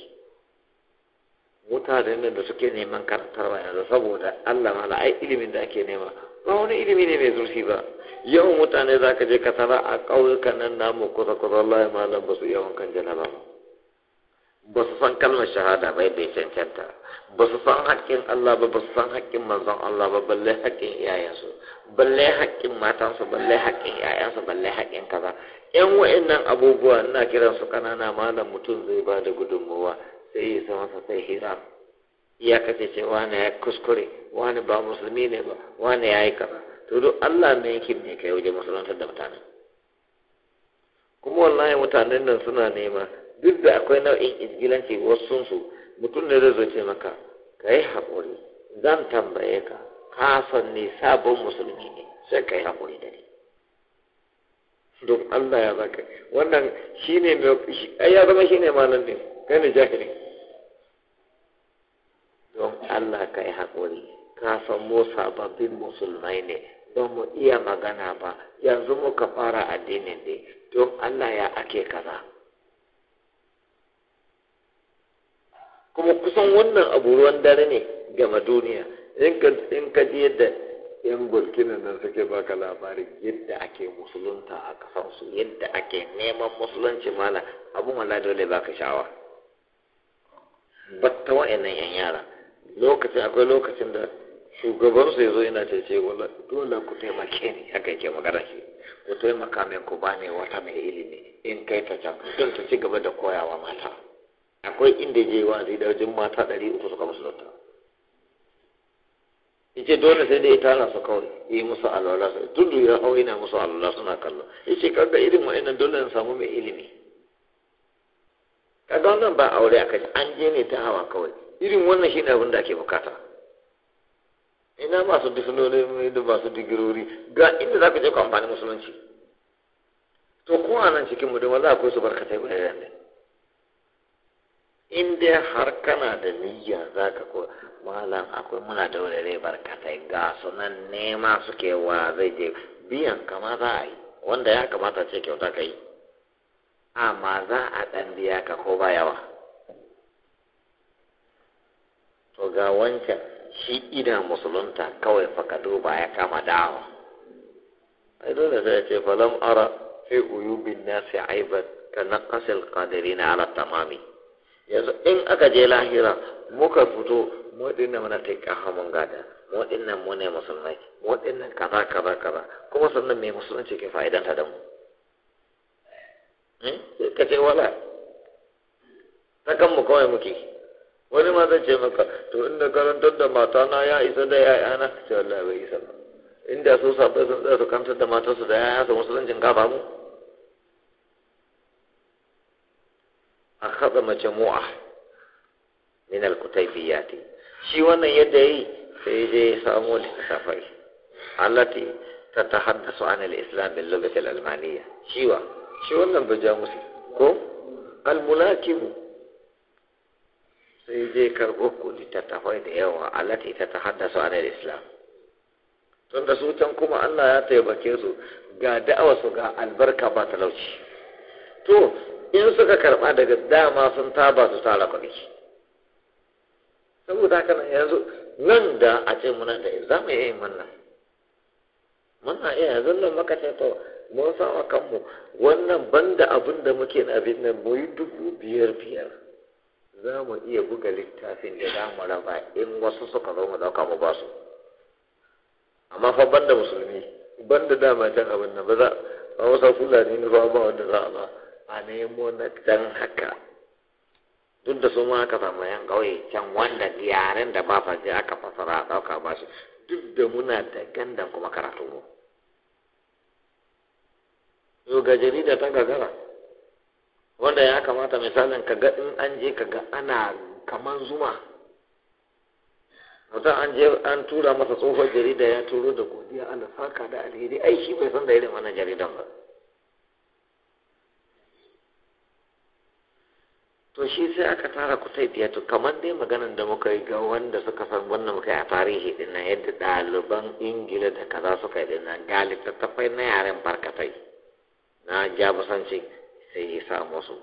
ne da suke neman karantarwa yanzu saboda Allah mala ai ilimin da ake nema ba wani ilimi ne mai zurfi ba yau mutane za ka je ka tara a ƙauyukan nan namu kusa kusa Allah ya ba su iya wankan jana ba ba su san kalmar shahada bai bai cancanta ba su san haƙƙin Allah ba ba su san haƙƙin manzon Allah ba balle haƙƙin iyayensu balle haƙƙin matansu balle haƙƙin iyayensu balle haƙƙin kaza yan wa'annan abubuwa ina kiran su kanana malam mutum zai ba da gudunmawa sai ya sa masa sai hira ya kace ce wani ya kuskure wani ba musulmi ne ba wani ya yi kaza to duk Allah ne yake ne kai waje musulunta da mutane. kuma wallahi mutanen nan suna nema duk da akwai nau'in izgilanci wasu sun su mutum ne zai zo ce maka ka yi haƙuri zan tambaye ka ka san ne sabon musulmi ne sai ka yi haƙuri da ni don Allah ya baka wannan shi ne mai ya zama shi ne malam ne kai ne jahili don Allah ka yi haƙuri kasan mu sababbin musulmai ne don mu iya magana ba yanzu muka fara addinin ne don Allah ya ake kaza. kuma kusan wannan abu ruwan dare ne gama duniya in ka ji yadda yan burkina nan suke baka labarin yadda ake musulunta a su yadda ake neman musulunci mana abu wala dole baka sha'awa batta wa'annan yan yara lokacin akwai lokacin da shugabansu ya zo yana ce ce dole ku taimake ni haka yake magana shi ku taimaka min ku bane wata mai ilimi in kai ta can don ta ci gaba da koyawa mata akwai inda je wazi da wajen mata ɗari uku suka musu musulunta yace dole sai da ita na su kawai yi musu alwala tudu ya hau yana musu alwala suna kallo yace kaga irin wa'annan dole na samu mai ilimi kaga wannan ba aure aka ce an je ne ta hawa kawai irin wannan ne abin da ake bukata ina masu difinoli da masu digirori ga inda za ku je ku amfani musulunci to kuma a nan cikin mu da maza akwai su barkatai ba yanzu. in dai har kana da niyya za ka ko malam akwai muna da wurare barkatai ga sunan nema suke wa zai je biyan kama za a yi wanda ya kamata ce kyauta ka yi amma za a ɗan biya ka ko ba yawa to ga wancan shi idan musulunta kawai faka duba ya kama dawa ai dole sai ce falam ara fi uyubin nasi aibat ka naqasil qadirina ala tamami yanzu in aka je lahira muka fito mu dinnan muna kai mun gada mu nan mu ne musulmai mu nan kaza kaza kaza kuma sannan mai musulunci ke fa'idanta da mu hmm? sai ka ce wala ta kan mu kawai muke wani ma zan ce maka to inda karantar da matana ya isa da na ce wallahi bai isa ba inda su sabai sun tsaya su kantar da matarsu da ya'yansu musuluncin ka ba mu akhadha majmu'a min al-kutaybiyat shi wannan yadda yi sai je samu littafai allati tatahaddasu an al-islam bil lughati al shi wa shi wannan shi. ko al mulakim sai je karɓo ta tafai da yawa allati ta ta haddasa a islam tun da su can kuma allah ya taimake su ga da'awa su ga albarka ba talauci to in suka karɓa daga dama sun taba su tara kuɗi saboda haka nan yanzu nan da a ce muna da za mu iya yin wannan muna iya yanzu nan maka ce to mun sawa kanmu wannan banda abin da muke na abin nan mu yi dubu biyar biyar za mu iya buga littafin da za mu raba in wasu suka zo mu dauka mu ba su amma fa banda musulmi banda dama can abin nan ba za a wasa fulani na ba wanda za a ba a nemo na can haka duk da su ma aka samu yan kauye can wanda yaren da ba fage aka fasara a sauka ba shi duk da muna da gandan kuma karatu mu yau ga jarida ta gagara wanda ya kamata misalin ka ga in an je ka ga ana kaman zuma mutum an je an tura masa tsohon jarida ya turo da godiya ana saka da alheri ai shi bai san da irin wannan jaridan ba to shi sai aka tara kusai biya to kamar dai maganar da muka yi ga wanda suka san wannan muka yi a tarihi dinna yadda ɗaliban ingila da kaza suka yi dinna ga littattafai na yaren barkatai na jabusanci sai ya sa-musu.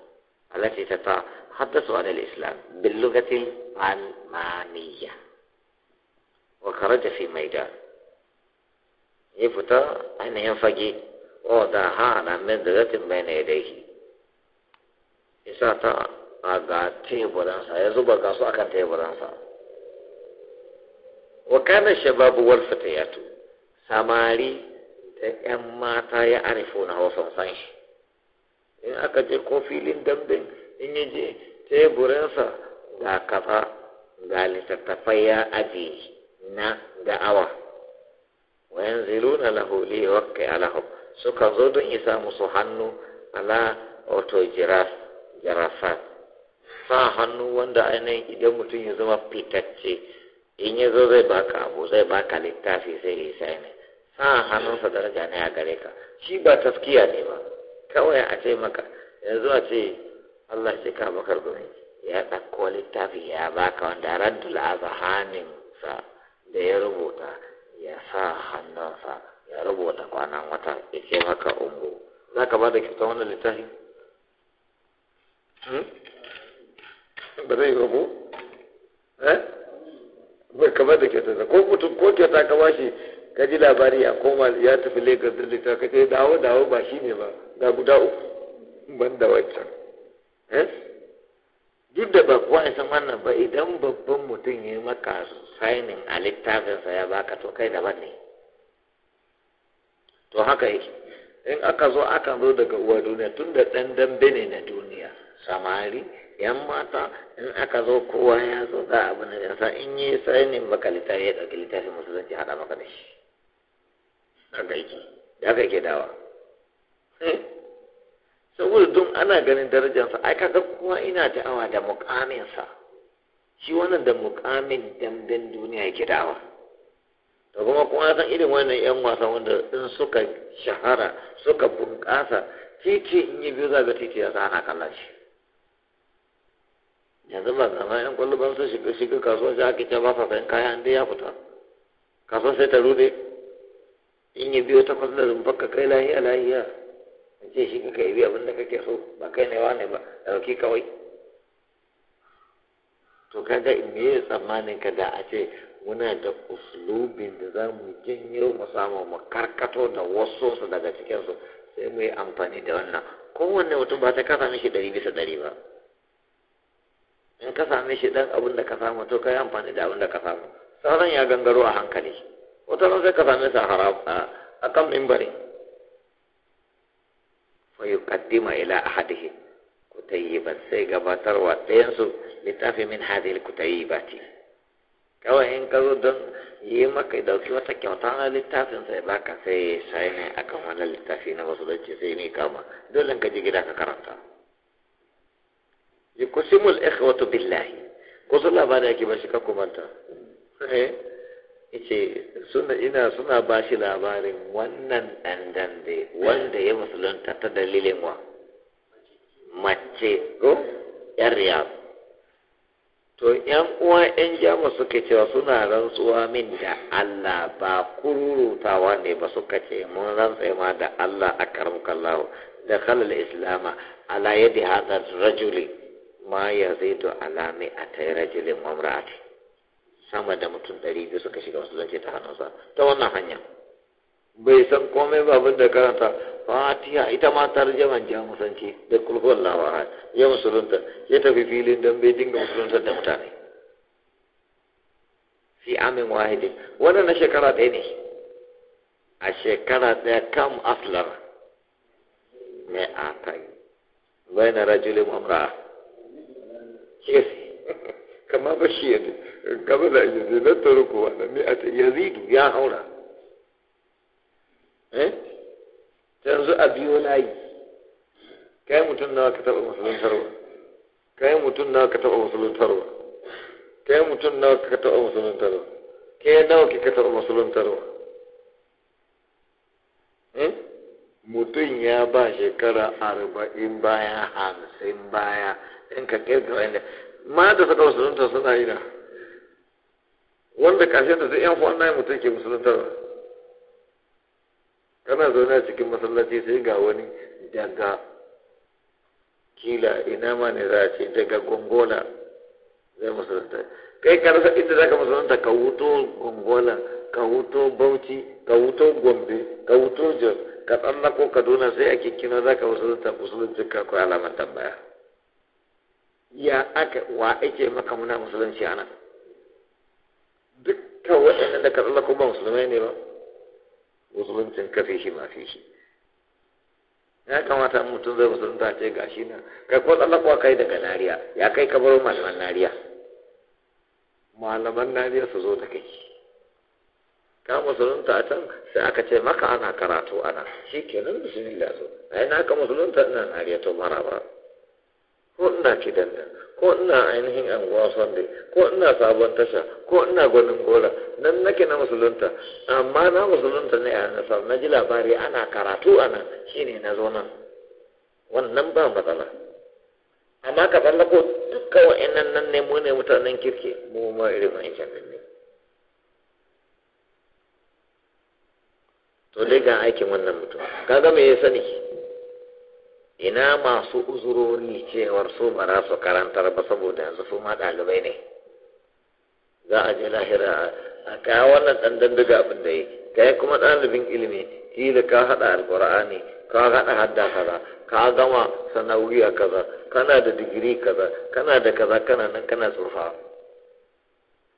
alati ta ta haddasu anil islam bil al almaniya wa kharaja fi maida? ya fita ainihin fage wa da ha na min da zatin bayna yadayhi isa ta a ga teburansa ya zuba ga su akan teburansa wa kana shababu wal fatayatu samari da yan mata ya arifo na hausan san shi in aka je ko filin dambe in ya je teburansa ga kafa ga littattafai ya aje na da'awa wa yanziluna lahu li wakai alahu suka zo don isa musu hannu ala wato jirafat sa hannu wanda ainihin idan mutum ya zama fitacce in ya zo zai baka abu zai baka littafi sai ya sa ne sa hannunsa daraja ne a gare ka shi ba taskiya ne ba kawai a ce maka yanzu a ce Allah ce ka bakar gumi ya ɗauko littafi ya baka wanda raddul sa da ya rubuta ya sa hannunsa ya rubuta kwanan wata ya ce maka umbu za ka ba da kyauta wannan littafi hmm? ba zai yi mu eh? bai kamar da kyautar ko mutum ko ta ka bashi ka ji labari ya koma ya tafi lagos da lita ka ce dawo dawo ba shi ne ba ga guda uku ban da wancan eh? duk da ba kuwa isan wannan ba idan babban mutum ya yi maka sainin a littafinsa ya baka to kai daban ne to haka yake in aka zo aka zo daga uwa duniya tun da ɗan dambe ne na duniya samari yan mata in aka zo kowa ya zo za a abin da sa in yi sanin maka littafi ya ɗauki littafin ci haɗa maka da shi gaiki ya haka ke dawa eh, saboda don ana ganin darajarsa ai kaga kowa ina da'awa da mukaminsa shi wannan da mukamin damben duniya ya ke dawa da kuma kuma san irin wannan yan wasa wanda in suka shahara suka bunƙasa titi in yi biyu za ga titi ya sa ana kallon shi yanzu ba kama yan kwallo ban su shiga shiga kasuwa, shi ake ce ba sa sayan kaya inda ya fita Kasuwa sai ta rude in ya biyo ta kwallo da ka kai lahiya lahiya in ce shi ka yi abin da kake so ba kai ne wane ba ɗauki kawai to kaga me tsammanin ka da a ce muna da uslubin da za mu janyo mu samu mu karkato da wasu su daga cikinsu sai mu yi amfani da wannan kowanne mutum ba ta kasa mishi ɗari bisa ɗari ba in ka same shi dan abin da ka samu to kai amfani da abin da ka samu sauran ya gangaro a hankali wata ran sai ka same sa haram a kan mimbari fa yuqaddima ila ahadihi ba sai gabatar gabatarwa ɗayansu littafi min ba kutayyibati kawai in ka zo don yi maka dauki wata kyauta na littafin sai baka sai sai ne akan wannan littafi na wasu dace sai ne kama dole ka ji gida ka karanta yuqsimul ikhwatu billahi ko sun ake ba shi ka suna ina suna ba shi labarin wannan dan wanda ya musulunta ta dalilin wa mace ko yan riyad to yan uwa yan jamus suke cewa suna rantsuwa min da Allah ba kururutawa ne ba suka ce mun rantsa ma da Allah a karamkallahu da khalal islama ala yadi hadha rajuli ma ya zai to alami a tayi rajulin mamra'ati sama da mutum ɗari biyu suka shiga zance ta hannunsa ta wannan hanya bai san komai ba abin da karanta fatiha ita ma ja jamusanci da kulkul lawa ya musulunta ya tafi filin don bai dinga musulunta da mutane fi amin wahidi wannan na shekara ɗaya ne a shekara ɗaya kam aflar mai a kai bai na rajulin mamra'a kama ba kama da yanzu na taruku wanda mai a haura eh? yanzu a biyo layi kai mutum nawa ka taɓa musuluntarwa kai mutum nawa ka taɓa musuluntarwa kai mutum nawa ka taɓa musuluntarwa kai nawa ka taɓa musuluntarwa eh? mutum ya ba shekara arba'in baya hamsin baya in ka kirkira inda ma da suka musulunta suna yi da wanda kashe da duk yan na nayi mutum ke musulunta ba kana zaune a cikin masallaci sai ga wani daga kila ina ma ne za a ce daga gongola zai musulunta kai ka rasa inda za ka musulunta ka wuto gongola ka wuto bauchi ka wuto gombe ka wuto jos ka tsallako kaduna sai a kikkina za ka musulunta musulunci ka alamar tambaya ya aka wa ake maka muna musulunci nan dukkan waɗannan da ka tsallakon kuma musulmai ne ba musuluncin ka fi shi ma fi shi ya kamata mutum zai musulunta ce ga shi nan kai ko kuwa kai daga nariya ya kai ka baro malaman nariya malaman nariya su zo da kai ka musulunta a can sai aka ce maka ana karatu ana shi kenan bismillah zo ai na ka musulunta ina nariya to maraba ko ina kidan da, ko ina ainihin anguwa sunday ko ina sabon tasha ko ina gwanin gora nan nake na musulunta amma na musulunta ne a nasar na ji labari ana karatu a nan shine na zo nan wannan ba matsala amma ka tsallako duka wa'annan nan ne mu ne mutanen kirki mu ma irin wa'ancan nan ne to dai ga aikin wannan mutum kaga me ya sani ina masu uzurori cewar su ba za su karantar ba saboda yanzu su ma ɗalibai ne za a je lahira a kaya wannan ɗan dandaga abin da yi yi kuma ɗalibin ilimi kila ka haɗa alƙur'ani ka haɗa hadda kaza ka gama sanawiya kaza kana da digiri kaza kana da kaza kana nan kana tsufa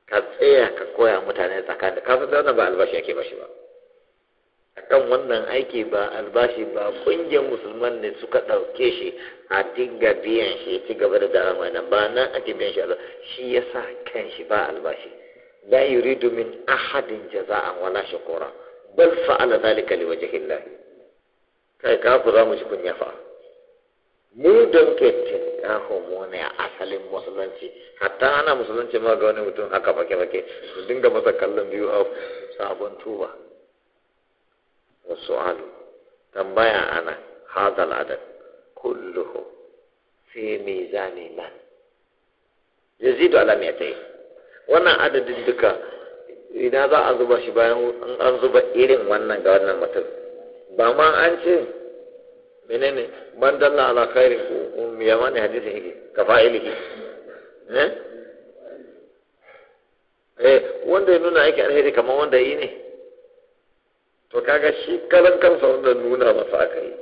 ka tsaya ka koya mutane tsakanin ka san da ba albashi ake shi ba akan wannan aiki ba albashi ba kungiyar musulman ne suka ɗauke shi a dinga biyan shi ci gaba da dama nan ba nan ake biyan shi shi ya sa kan shi ba albashi la yuridu min ahadin jaza'an wala shukura bal fa'ala zalika liwajhillah kai ka ku za mu shi kunya fa mu don ke ko mu ne asalin musulunci hatta ana musulunci ma ga wani mutum haka bake bake su dinga masa kallon biyu a sabon tuba والسؤال تنبيع أنا هذا العدد كله في ميزان الله يزيد على 200 wannan adadin duka ina za a zuba shi bayan an zuba irin wannan ga wannan mutum ba ma an ce menene man dalla ala khairin um, ya mani hadisin yake ka fa'ilihi eh, eh wanda ya nuna aiki alheri kamar wanda yi ne to kaga shi kalan kansa wanda nuna masa aka yi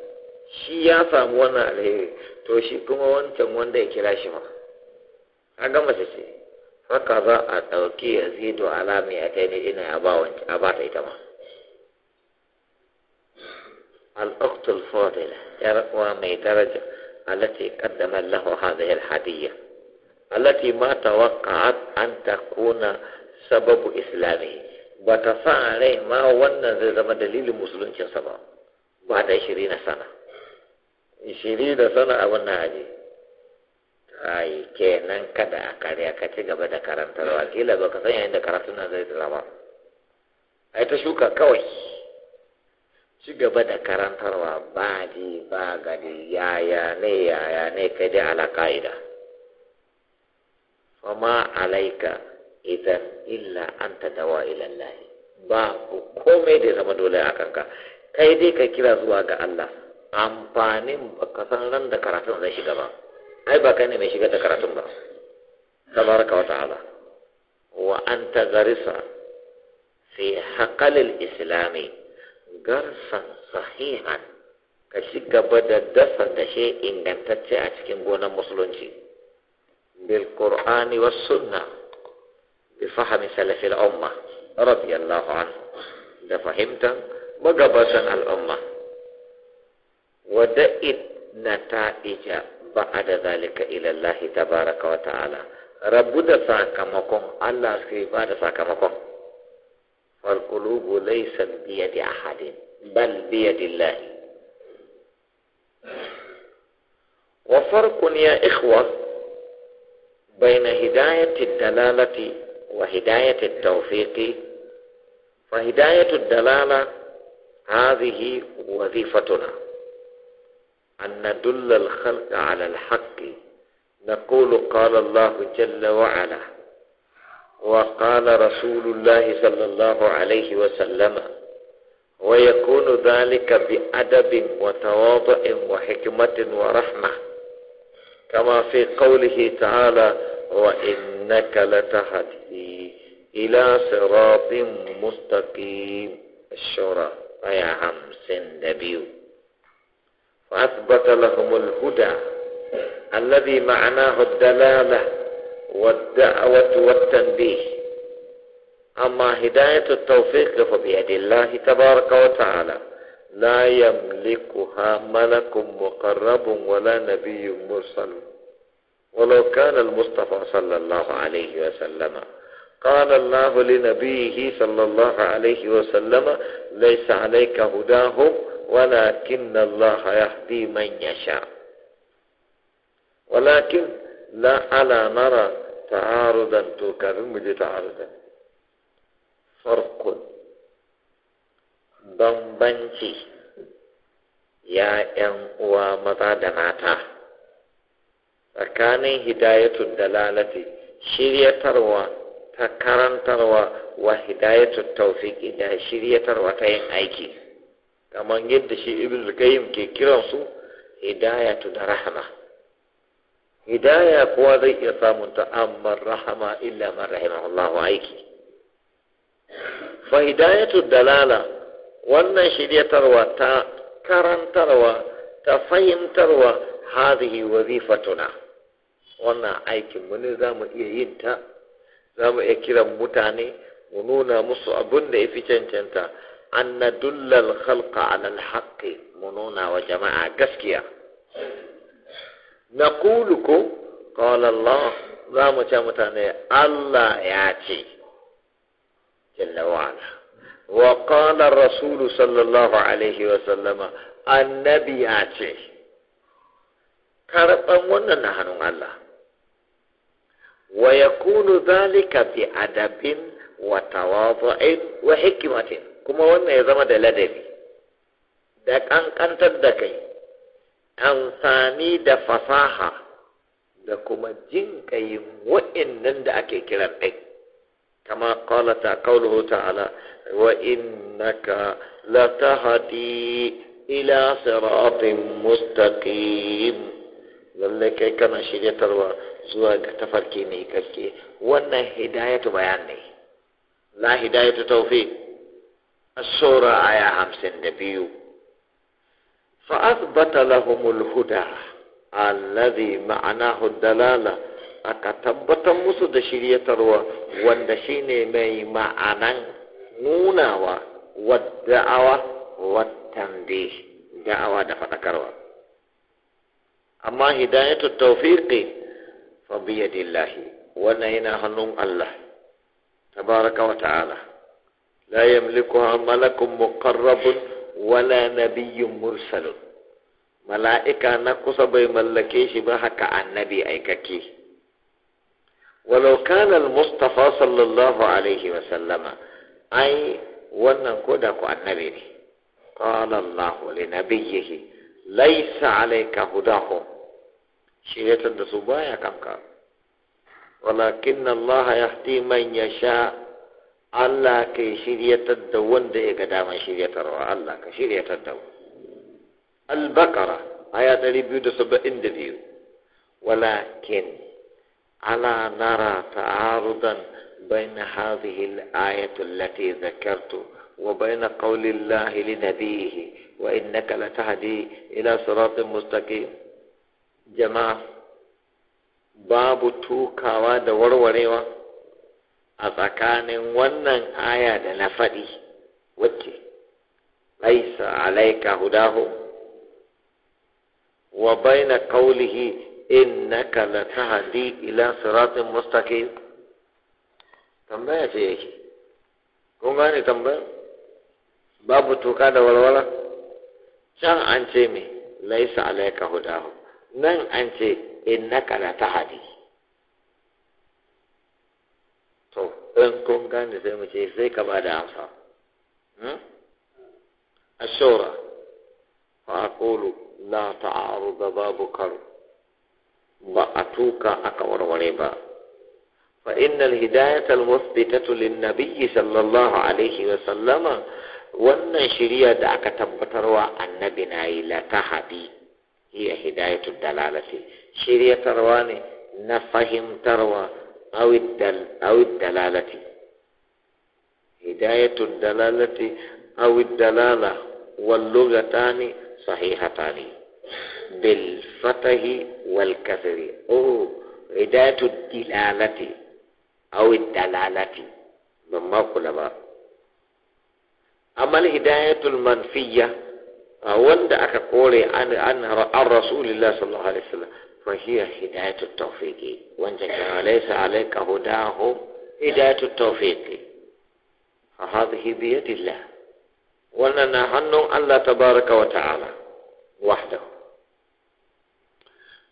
shi ya samu wannan alheri to shi kuma wancan wanda ya kira shi ma a ga mace ce haka za a ɗauki ya zido alami a kai ne ina ya ba wancan a ba ta ita ma al'uktul fadila yar uwa mai daraja alati قدم له هذه الهدية التي ma tawaqqa'at an takuna sababu islamihi ba ta sa rai ma wannan zai zama dalilin musuluncinsa ba ba da shiri na sana shiri da sana abin na haji ai kenan kada a karya ka ci gaba da karantarwa kila ba ka san yayin da karatun nan zai zama ai ta shuka kawai ci gaba da karantarwa ba ji ba gani yaya ne yaya ne kai dai ala ka'ida fama alaika idan illa an ta dawa ilallahi ba ku komai da zama dole a kanka kai dai ka kira zuwa ga Allah amfanin ka san ran da karatun zai shiga ba ai ba kai ne mai shiga da karatun ba tabaraka wa ta'ala wa anta garisa fi haqalil islami garsan sahihan ka ci gaba da dasa da dashe ingantacce a cikin gonar musulunci bil qur'ani was sunnah بفهم سلف الأمة رضي الله عنه إذا فهمت بجبسا الأمة ودئت نتائج بعد ذلك إلى الله تبارك وتعالى رب دسا كمكم الله سكيبا دسا كمكم فالقلوب ليست بيد أحد بل بيد الله وفرق يا إخوة بين هداية الدلالة وهداية التوفيق فهداية الدلالة هذه وظيفتنا أن ندل الخلق على الحق نقول قال الله جل وعلا وقال رسول الله صلى الله عليه وسلم ويكون ذلك بأدب وتواضع وحكمة ورحمة كما في قوله تعالى وإنك لتهدي إلى صراط مستقيم الشورى أي خمسين دبيو وأثبت لهم الهدى الذي معناه الدلالة والدعوة والتنبيه أما هداية التوفيق فبيد الله تبارك وتعالى لا يملكها ملك مقرب ولا نبي مرسل ولو كان المصطفى صلى الله عليه وسلم قال الله لنبيه صلى الله عليه وسلم ليس عليك هداهم ولكن الله يهدي من يشاء ولكن لا على نرى تعارضا تكرم تعارضا فرق بمبنشي يا أم ومتى دماتا فكان هداية الدلالة شرية تروى ta karantarwa wa hidayatu tawfiq da shiryatarwa ta yin aiki kamar yadda shi ibn zakayim ke kiran su hidayatu da rahama hidaya kowa zai iya samun ta amma rahama illa man rahimahullahu aiki fa hidayatul dalala wannan shiryatarwa ta karantarwa ta fahimtarwa hadhihi wazifatuna wannan aikin mu ne za mu iya yin ta za mu iya kiran mutane mu nuna musu abin da ya fi cancanta an na dullal halka alal haƙƙi mu nuna wa jama'a gaskiya na kulu ko Allah za mu ce mutane Allah ya ce Jallawala. wa qala rasulu sallallahu alaihi wa sallama annabi ya ce karɓan wannan na hannun Allah wa yakunu dalika bi adabin wa tawadhu'in wa hikmatin kuma wannan ya zama da ladabi da kankantar da kai amfani da fasaha da kuma jin kayin da ake kiran ɗai kama qala ta qawluhu ta'ala wa innaka latahdi ila siratin mustaqim lalle kai kana shiryatarwa zuwa ga tafarki ne karke wannan hidayatu bayan ne la hidayatu tawfiq Asura aya hamsin da biyu fa athbata lahumul huda alladhi ma'anahu dalala aka tabbatar musu da shiryatarwa wanda shine mai ma'anan nunawa wadda'awa wattande da'awa da faɗakarwa amma hidayatu tawfiqi wa biyadillahi wannan yana hannun Allah tabaraka wa ta'ala la yamliku malakun muqarrabun wala nabiyyun mursalun mala'ika na kusa bai mallake shi ba haka annabi aikake walau kana al-mustafa sallallahu alaihi wa sallama ai wannan koda ku annabi ne qala Allah li nabiyhi laysa alayka hudahum shiryatar da su baya kanka walakin Allah ya hdi man ya sha Allah ke shiryatar da wanda ya ga daman shiryatarwa Allah ka shiryatar da Al-Baqara aya 272 walakin ala nara ta'arudan بين هذه الآية التي ذكرت وبين قول الله لنبيه وإنك لتهدي إلى صراط مستقيم jama'a babu tukawa da warwarewa a tsakanin wannan aya da na faɗi wacce laisa alaika hudahu wa baina qawlihi innaka latahdi ila siratin mustaqim tambaya ce yake kun gane tambaya babu tuka da walwala can an ce me laisa alaika hudahu nan an ce innaka ta tahdi to in kun gane sai mu ce sai ka ba da amsa hmm? ashura fa aqulu la ta'arud babukar ba a tuka aka warware ba fa innal hidayatal musbitatu lin nabiyyi sallallahu alaihi wa sallama wannan shiriya da aka wa annabi na هي هداية الدلالة شرية ترواني نفهم تروى أو الدل أو الدلالة هداية الدلالة أو الدلالة واللغتان صحيحتان بالفتح والكسر أو هداية الدلالة أو الدلالة بما قلبا أما الهداية المنفية Ah, wanda aka kore an an rasulillah sallallahu alaihi wasallam fa hiya hidayatu tawfiqi wanda kana laysa alayka hudahu hidayatu tawfiqi fa hadhihi bi yadillah wannan hannun Allah tabaraka wa ta'ala wahdahu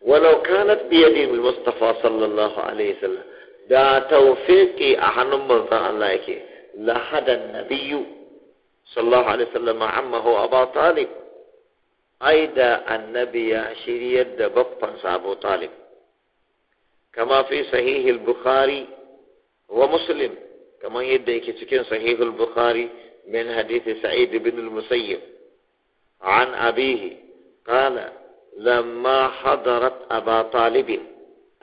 ولو كانت بيد المصطفى صلى الله عليه وسلم دا توفيقي أحن من الله لحد النبي صلى الله عليه وسلم عمه أبا طالب أيضا النبي يد بطا أبو طالب كما في صحيح البخاري ومسلم كما يدعي كتكين صحيح البخاري من حديث سعيد بن المسيب عن أبيه قال لما حضرت أبا طالب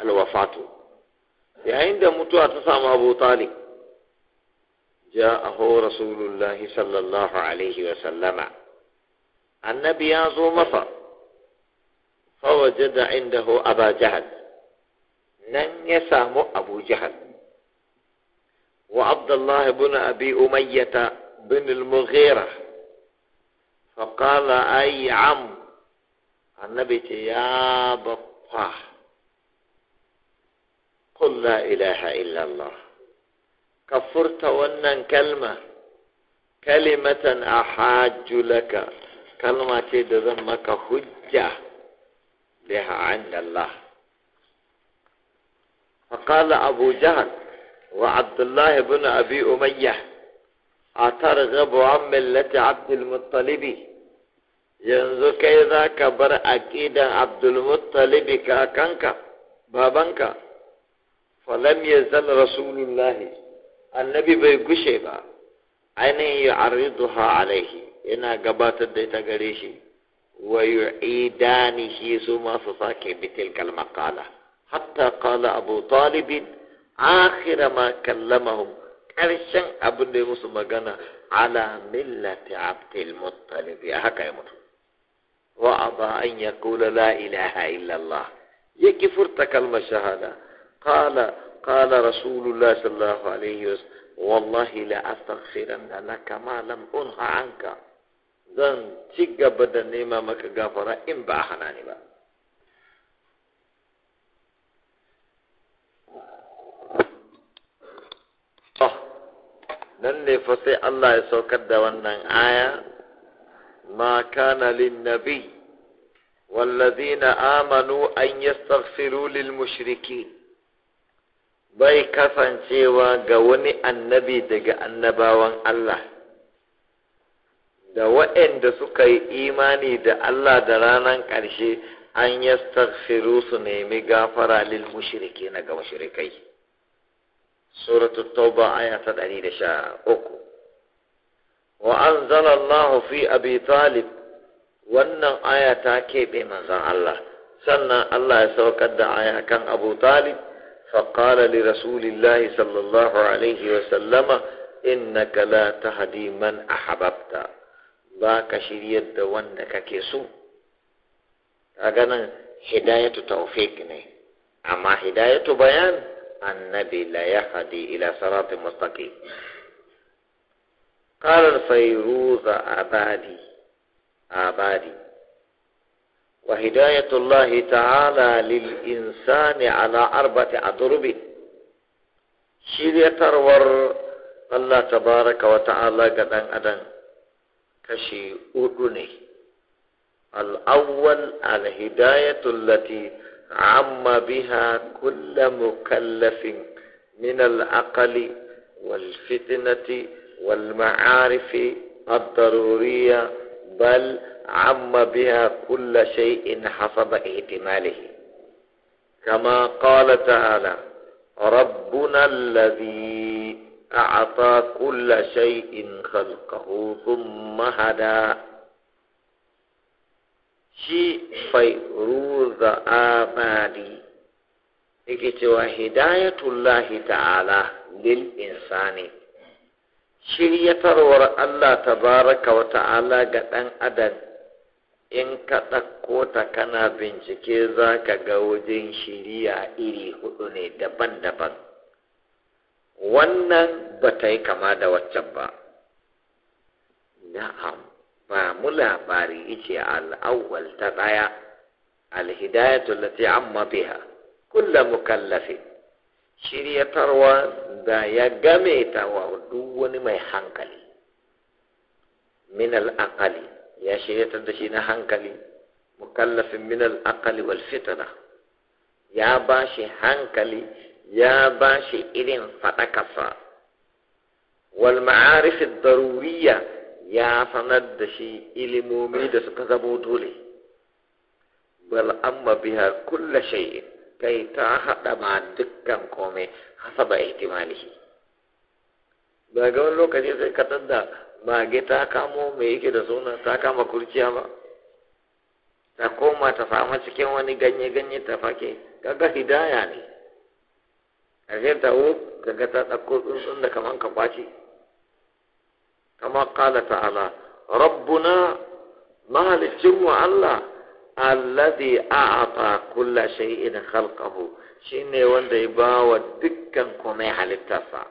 الوفاة يعني عند متوى تسامى أبو طالب جاءه رسول الله صلى الله عليه وسلم النبي يازو مصر فوجد عنده أبا جهل نن يسام أبو جهل وعبد الله بن أبي أمية بن المغيرة فقال أي عم النبي يا بطاح قل لا إله إلا الله كفرت ونا كلمة كلمة أحاج لك كلمة تذمك حجة لها عند الله فقال أبو جهل وعبد الله بن أبي أمية أترغب عن ملة عبد المطلب ينزو كذا كبر أكيد عبد المطلب كأكنك بابنك فلم يزل رسول الله النبي بيغشيبا عيني يعرضها عليه انا قبات الديتا قريشي ويعيدانه ثم فصاكي بتلك المقالة حتى قال أبو طالب آخر ما كلمهم كرشن أبو نيموس مغانا على ملة عبد المطلب هكا يا يموت وأبى أن يقول لا إله إلا الله يكفرت كلمة شهادة قال قال رسول الله صلى الله عليه وسلم والله لا أستغفرن لك ما لم أنهى عنك زن تيجا بدن نيما مك غفرا إن باحناني با صح نن لفسي الله يسو كدوانا آية ما كان للنبي والذين آمنوا أن يستغفروا للمشركين bai kasancewa ga wani annabi daga annabawan Allah da waɗanda suka yi imani da Allah da ranar ƙarshe an yastaghfiru su nemi gafara lil mushriki na ga mushrikai Suratu tauba aya ta uku. wa anzala Allah fi abi talib wannan aya ta keɓe manzan Allah sannan Allah ya saukar da aya kan Abu Talib فقال لرسول الله صلى الله عليه وسلم إنك لا تهدي من أحببت ذاك شريد وانك كيسو أغنى هداية توفيقني أما هداية بيان النبي لا يهدي إلى صراط مستقيم قال الفيروز عبادي عبادي وهداية الله تعالى للإنسان على أربعة أضرب شيري ترور الله تبارك وتعالى قد أدن كشي أدني الأول الهداية التي عم بها كل مكلف من العقل والفتنة والمعارف الضرورية بل Acan ma biya kun la shai in hafada ita ma lihi. Ka maƙona ta hala. Rabuna ladii da in ƙalkahu tun hada. Shi fa'i wura a madi. Ikici wa hidayetu lil isaani. Shirya Allah ta barakawa ta ga ɗan adam. in ka ɗauko ta kana bincike za ka ga wajen shirya iri hudu ne daban-daban wannan ba ta yi kama da waccan ba na'am ba mu labari ice al'awwal ta ɗaya alhidayatu lati amma biha mu mukallafi shiryatarwa da ya game ta wa duk wani mai hankali min al'aqali ya shiryatar da shi na hankali mukallafin min al aqali wal fitana ya ba shi hankali ya ba shi irin kasa. wal ma'arif daruriya ya sanar da shi ilimomi da suka zabo dole bal amma biha kulla shay'in kai ta haɗa ma dukkan komai hasaba ihtimalihi ba wani lokaci sai ka tadda mage ta kamo me yake da suna ta kama kurciya ba ta koma ta fama cikin wani ganye-ganye ta fake kaga hidaya ne ƙarshe ta wo kaga ta ɗauko tsuntsun da kaman ka kwace kama kala ta'ala rabbuna wa Allah alladhi a'ata kulla shay'in khalqahu shine wanda ya bawa dukkan komai halittarsa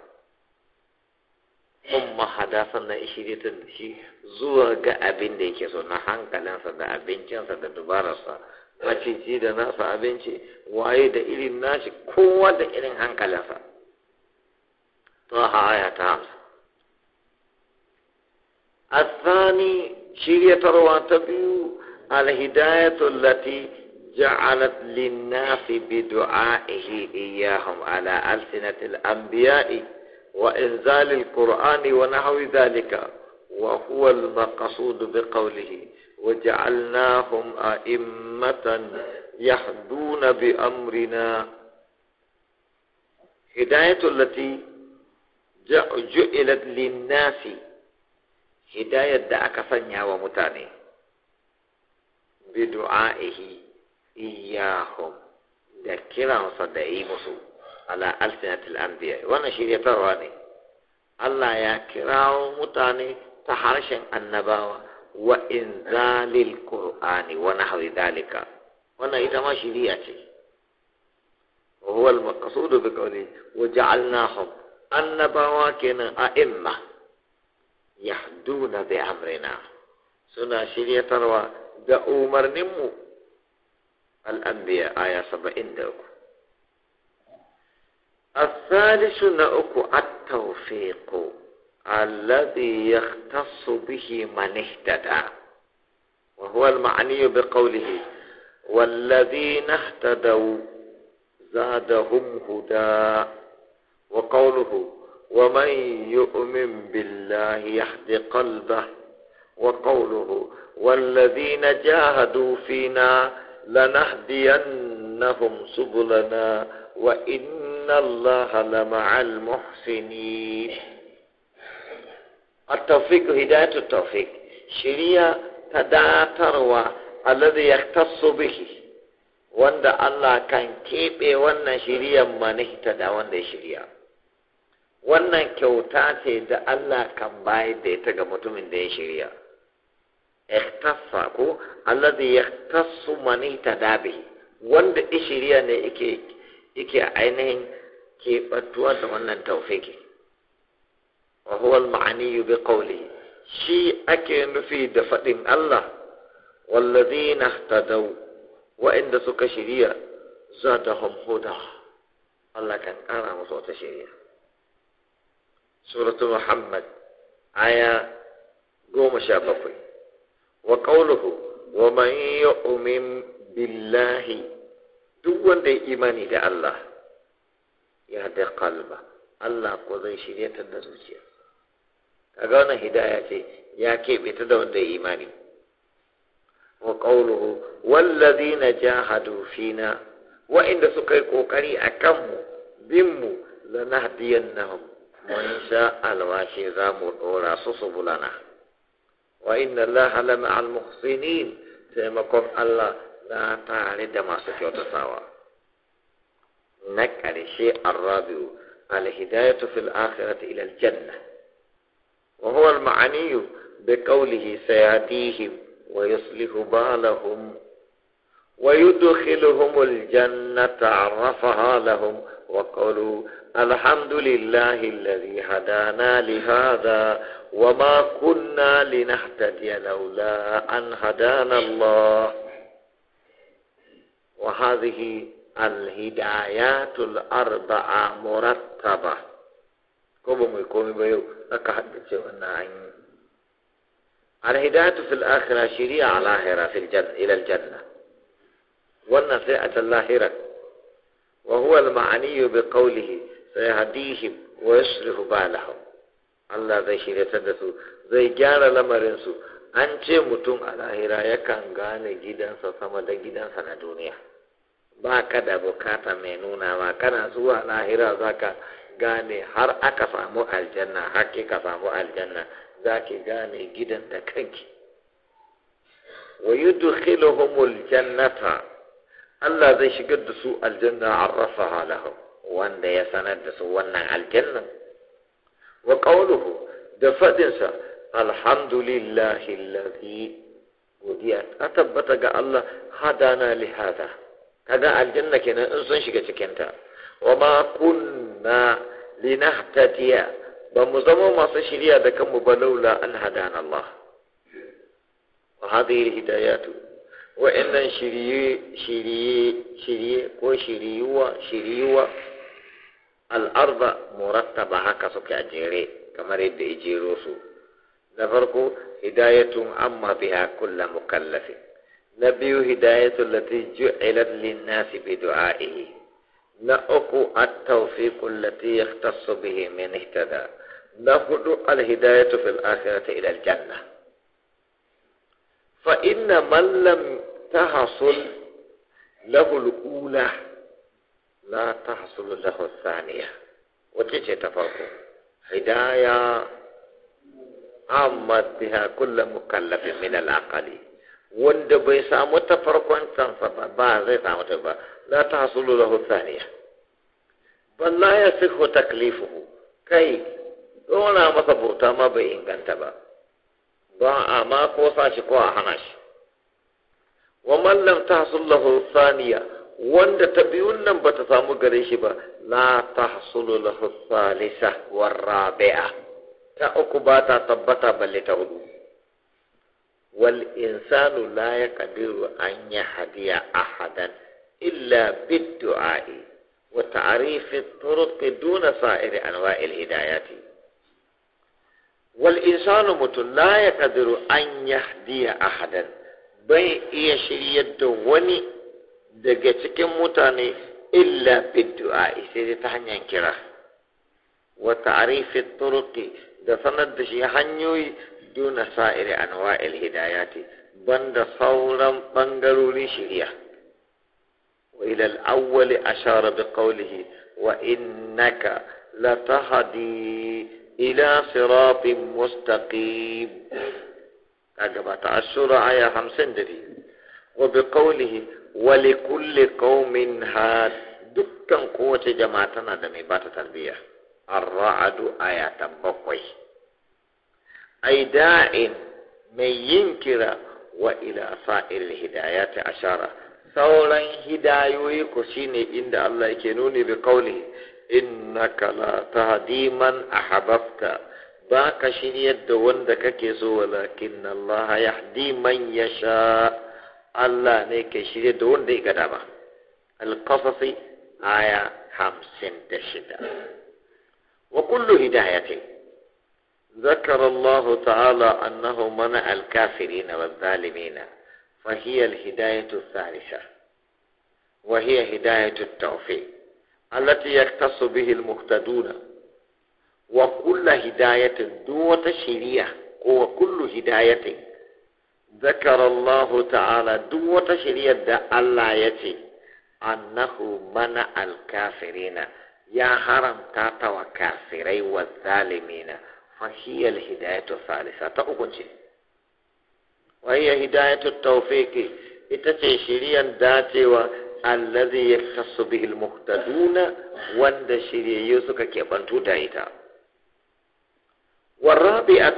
mun mahada sannan ishiritar da shi zuwa ga abin da yake so na hankalinsa da abincinsa da dubararsa maciji da nasa abinci waye da irin nashi kowa da irin hankalinsa ta haya ta hamsa الثاني شرية رواتبه الهداية التي جعلت للناس بدعائه إياهم على ألسنة الأنبياء وإنزال القرآن ونحو ذلك وهو المقصود بقوله وجعلناهم أئمة يهدون بأمرنا هداية التي جعلت للناس هداية دعك فنيا ومتاني بدعائه إياهم ذكرا صدعي مصور على ألسنة الأنبياء وأنا شيء يطراني الله يا كراو متاني تحرش النبوة وإنزال القرآن ونحو ذلك وأنا إذا ما شريعتي وهو المقصود بقوله وجعلناهم النبوة كنا أئمة يحدون بأمرنا سنة شريعة روى بأمر نمو الأنبياء آية سبعين دوكو الثالث نأك التوفيق الذي يختص به من اهتدى وهو المعني بقوله والذين اهتدوا زادهم هدى وقوله ومن يؤمن بالله يهد قلبه وقوله والذين جاهدوا فينا لنهدينهم سبلنا وإن inna allaha la ma'al muhsinin at-tawfiq hidayatu tawfiq shiriya ta datarwa alladhi yaktasu bihi wanda Allah kan keɓe wannan shiriyan manihta da wanda ya shirya wannan kyauta ce da Allah kan bayar da ita ga mutumin da ya shirya ikhtassa ko alladhi yaktassu manihta da wanda ya ne ke. yake ainihin keɓantuwa da wannan taufiki wa huwa al-ma'ani bi qawli shi ake nufi da faɗin Allah wallazina ihtadaw inda suka shiriya zadahum huda Allah kan ƙara musu wata shiriya suratu muhammad aya goma sha bakwai wa qawluhu wa man yu'min billahi duk wanda ya imani da Allah ya da kalba Allah ko zai shirya ta da zuciya kaga wannan hidaya ce ya keɓe ta da wanda ya imani wa qawluhu wallazina jahadu fina inda suka yi kokari a kanmu binmu lanahdiyannahum mun sha alwashi za mu ɗora su subulana wa inna allaha lama al-muhsinin taimakon Allah الثاني عليه ما سكيوت سوا نك الشيء الرابع الهداية في الآخرة إلى الجنة وهو المعني بقوله سيأتيهم ويصلح بالهم ويدخلهم الجنة عرفها لهم وقالوا الحمد لله الذي هدانا لهذا وما كنا لنهتدي لولا أن هدانا الله وهذه الهدايات الأربعة مرتبة كم يكون بيو لك حدث أن الهداية في الآخرة شريعة لاهرة في الجنة إلى الجنة والنصيحة اللاهرة وهو المعني بقوله سيهديهم ويصرف بالهم Allah zai shiryatar da su zai gyara lamarinsu an ce mutum a lahira yakan gane gidansa sama da gidansa na duniya ba ka da bukata mai nuna ba kana zuwa lahira za ka gane har aka samu aljanna har ka samu aljanna za ki gane gidan da kanki wa yudkhiluhumul jannata Allah zai shigar da su aljanna rasa halahu wanda ya sanar da su wannan aljannan wa qawluhu da faɗinsa alhamdulillahi lafi godiya ta tabbata ga Allah hadana lihada. hada kaga aljanna kenan in sun shiga cikinta wa ma kunna linahtadiya ba mu zama masu shirya da kanmu ba laula an hadana Allah wa hadhihi hidayatu wa innan shiriye shiriye shiriye ko shiriyuwa shiriyuwa al'arba murattaba haka suke a jere kamar yadda ya jero su na farko hidayatun amma biha kulla mukallafin نبي هداية التي جعلت للناس بدعائه نأق التوفيق التي يختص به من اهتدى نهد الهداية في الآخرة إلى الجنة فإن من لم تحصل له الأولى لا تحصل له الثانية وتجي تفرقه هداية عمت بها كل مكلف من العقل wanda bai samu ta farkon tansa ba ba zai samu ta ba la ta hasulu lahu thaniya bal la yasihu taklifuhu kai dona masa bauta ma bai inganta ba ba a ma ko sa shi ko a hana shi wa mallam ta hasulu lahu wanda ta biyun nan ta samu gare shi ba la tahsul lahu da war rabi'a ta uku ba ta tabbata balle ta hudu wal insanu la yaqdiru an yahdiya ahadan illa bid du'a'i wa ta'rif at-turuq duna sa'iri anwa'il hidayati wal insanu mutun la yaqdiru an yahdiya ahadan bai iya shiryar da wani daga cikin mutane illa bid du'a'i sai ta hanyar kira wa ta'rif at da sanar da shi hanyoyi duna sa'iri anwa'il hidayati banda sauran bangarorin shiriya wa ilal al-awwal ashara bi qawlihi wa innaka latahdi ila siratin mustaqim kaga ba ta ashura aya 52 wa bi qawlihi wa li kulli qaumin had dukkan kowace jama'a tana da mai bata tarbiyya ar ra'adu aya bakwai ai da'in mai yin kira wa ila sa'il hidayati ashara sauran hidayoyi ku shine inda Allah yake nuni bi kauli innaka la tahdi man ahbabta ba ka shiryar da wanda kake so walakin Allah ya man yasha Allah ne ke shirya da wanda ya gada ba alqasasi aya hamsin da shida wa kullu hidayatin ذكر الله تعالى أنه منع الكافرين والظالمين فهي الهداية الثالثة وهي هداية التوفيق التي يختص به المهتدون وكل هداية دوة شريعة وكل هداية ذكر الله تعالى دوة شريعة الله يتي أنه منع الكافرين يا حرم تاتا وكافري والظالمين فهي الهداية الثالثة تأكنشي وهي هداية التوفيق إتتي شريا داتي الذي يختص به المهتدون وند شريا يوسك كيبانتو دايتا والرابعة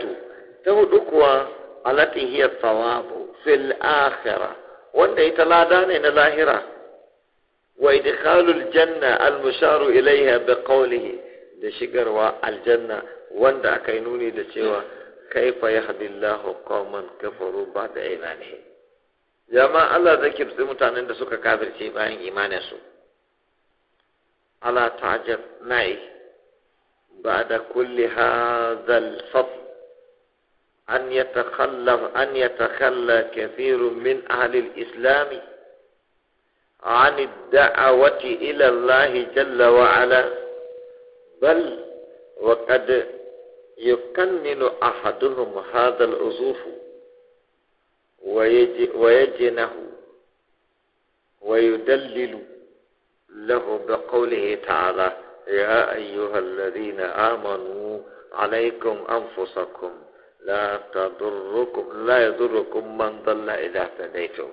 تهدكوا التي هي الثواب في الآخرة وند إتلادان إن الآخرة وإدخال الجنة المشار إليها بقوله da shigarwa aljanna wanda aka yi nuni da cewa kaifa lahu kawman kafaru ba'da imanihim jama Allah zai kibsi mutanen da suka kafirce bayan imanin su ala ta'jab na'i da kulli hadha al-fadl أن يتخلف أن يتخلى كثير من أهل الإسلام عن الدعوة إلى الله جل وعلا بل وقد يكمل أحدهم هذا العزوف ويجنه ويدلل له بقوله تعالى يا أيها الذين آمنوا عليكم أنفسكم لا تضركم لا يضركم من ضل إذا اهتديتم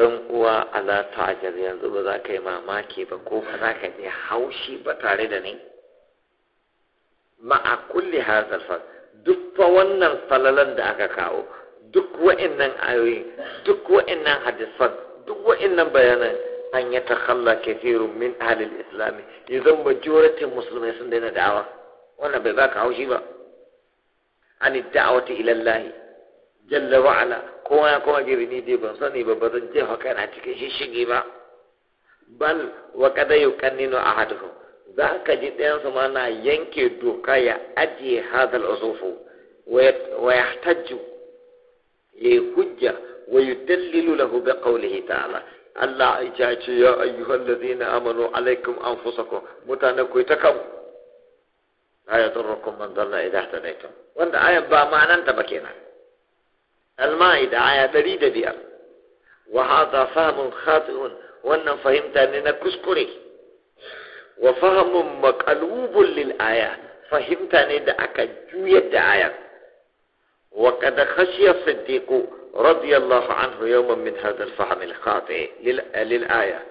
ɗan uwa ala ta'ajar yanzu ba za ka yi mamaki ba ko ba za ka je haushi ba tare da ni ma'a kulli hazal fal duk fa wannan falalan da aka kawo duk wa'annan ayoyi duk wa'annan hadisan duk wa'annan bayanan an ya takhalla kafiru min ahli al-islam idan majority musulmai sun daina da'awa wannan bai ka haushi ba an da'awati ila Allah jalla wa ala ko ya kuma gari ni dai ban sani ba bazan jefa na cikin shishigi ba bal wa kada yukanninu ahadukum za ka ji ɗayansu ma na yanke doka ya ajiye hadal usufu wa ya tajju ya yi hujja wa yi dalilu lahu bi qawlihi ta'ala Allah ya ce ya ayyuhal ladzina amanu alaikum anfusakum Mutanen ku ta kan ayatul rukum man dalla idha tadaitum wanda ayan ba ma'anan ta ba kenan al-ma'ida aya 105 wa hadha fahmun khati'un wannan fahimta ne na kuskure wa fahmun maqalubun lil aya fahimta ne da aka juyar da aya wa qad khashiya siddiqu radiyallahu anhu yawman min hadha al fahm al khati lil aya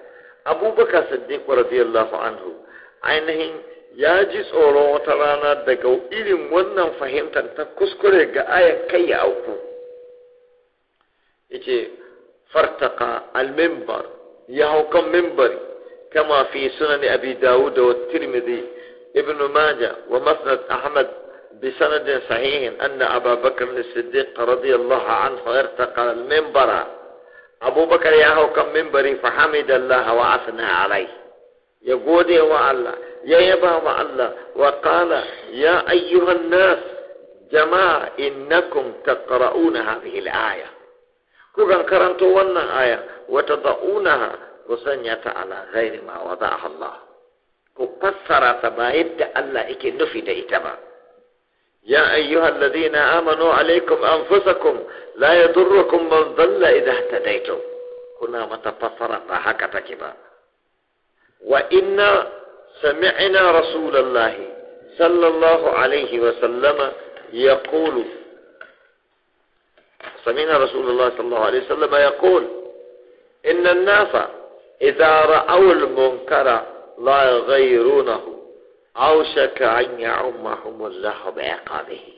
abubakar siddiq radiyallahu anhu ainihin ya ji tsoron wata rana daga irin wannan fahimtar ta kuskure ga ayan kai ya auku yace fartaka al-mimbar ya hauka kan كما في سنن أبي داود والترمذي ابن ماجه ومسند أحمد بسند صحيح أن أبا بكر الصديق رضي الله عنه ارتقى المنبر أبو بكر ياهو كم منبري فحمد الله وأثنى عليه يقول يا الله يا يبا الله وقال يا أيها الناس جماعة إنكم تقرؤون هذه الآية كوغا كرنتو ونن آية وتضعونها musanya ta غير ما وضعها الله Allah ku يبدا الله اكي نفد Allah يا أيها الذين آمنوا عليكم أنفسكم لا يضركم من ضل إذا اهتديتم كنا متفسرة هكا تكبا وإنا سمعنا رسول الله صلى الله عليه وسلم يقول سمعنا رسول الله صلى الله عليه وسلم يقول إن الناس idza ra'awul munkara la yaghayyirunahu aw shaka an ya'ummahum Allah ya iqabihi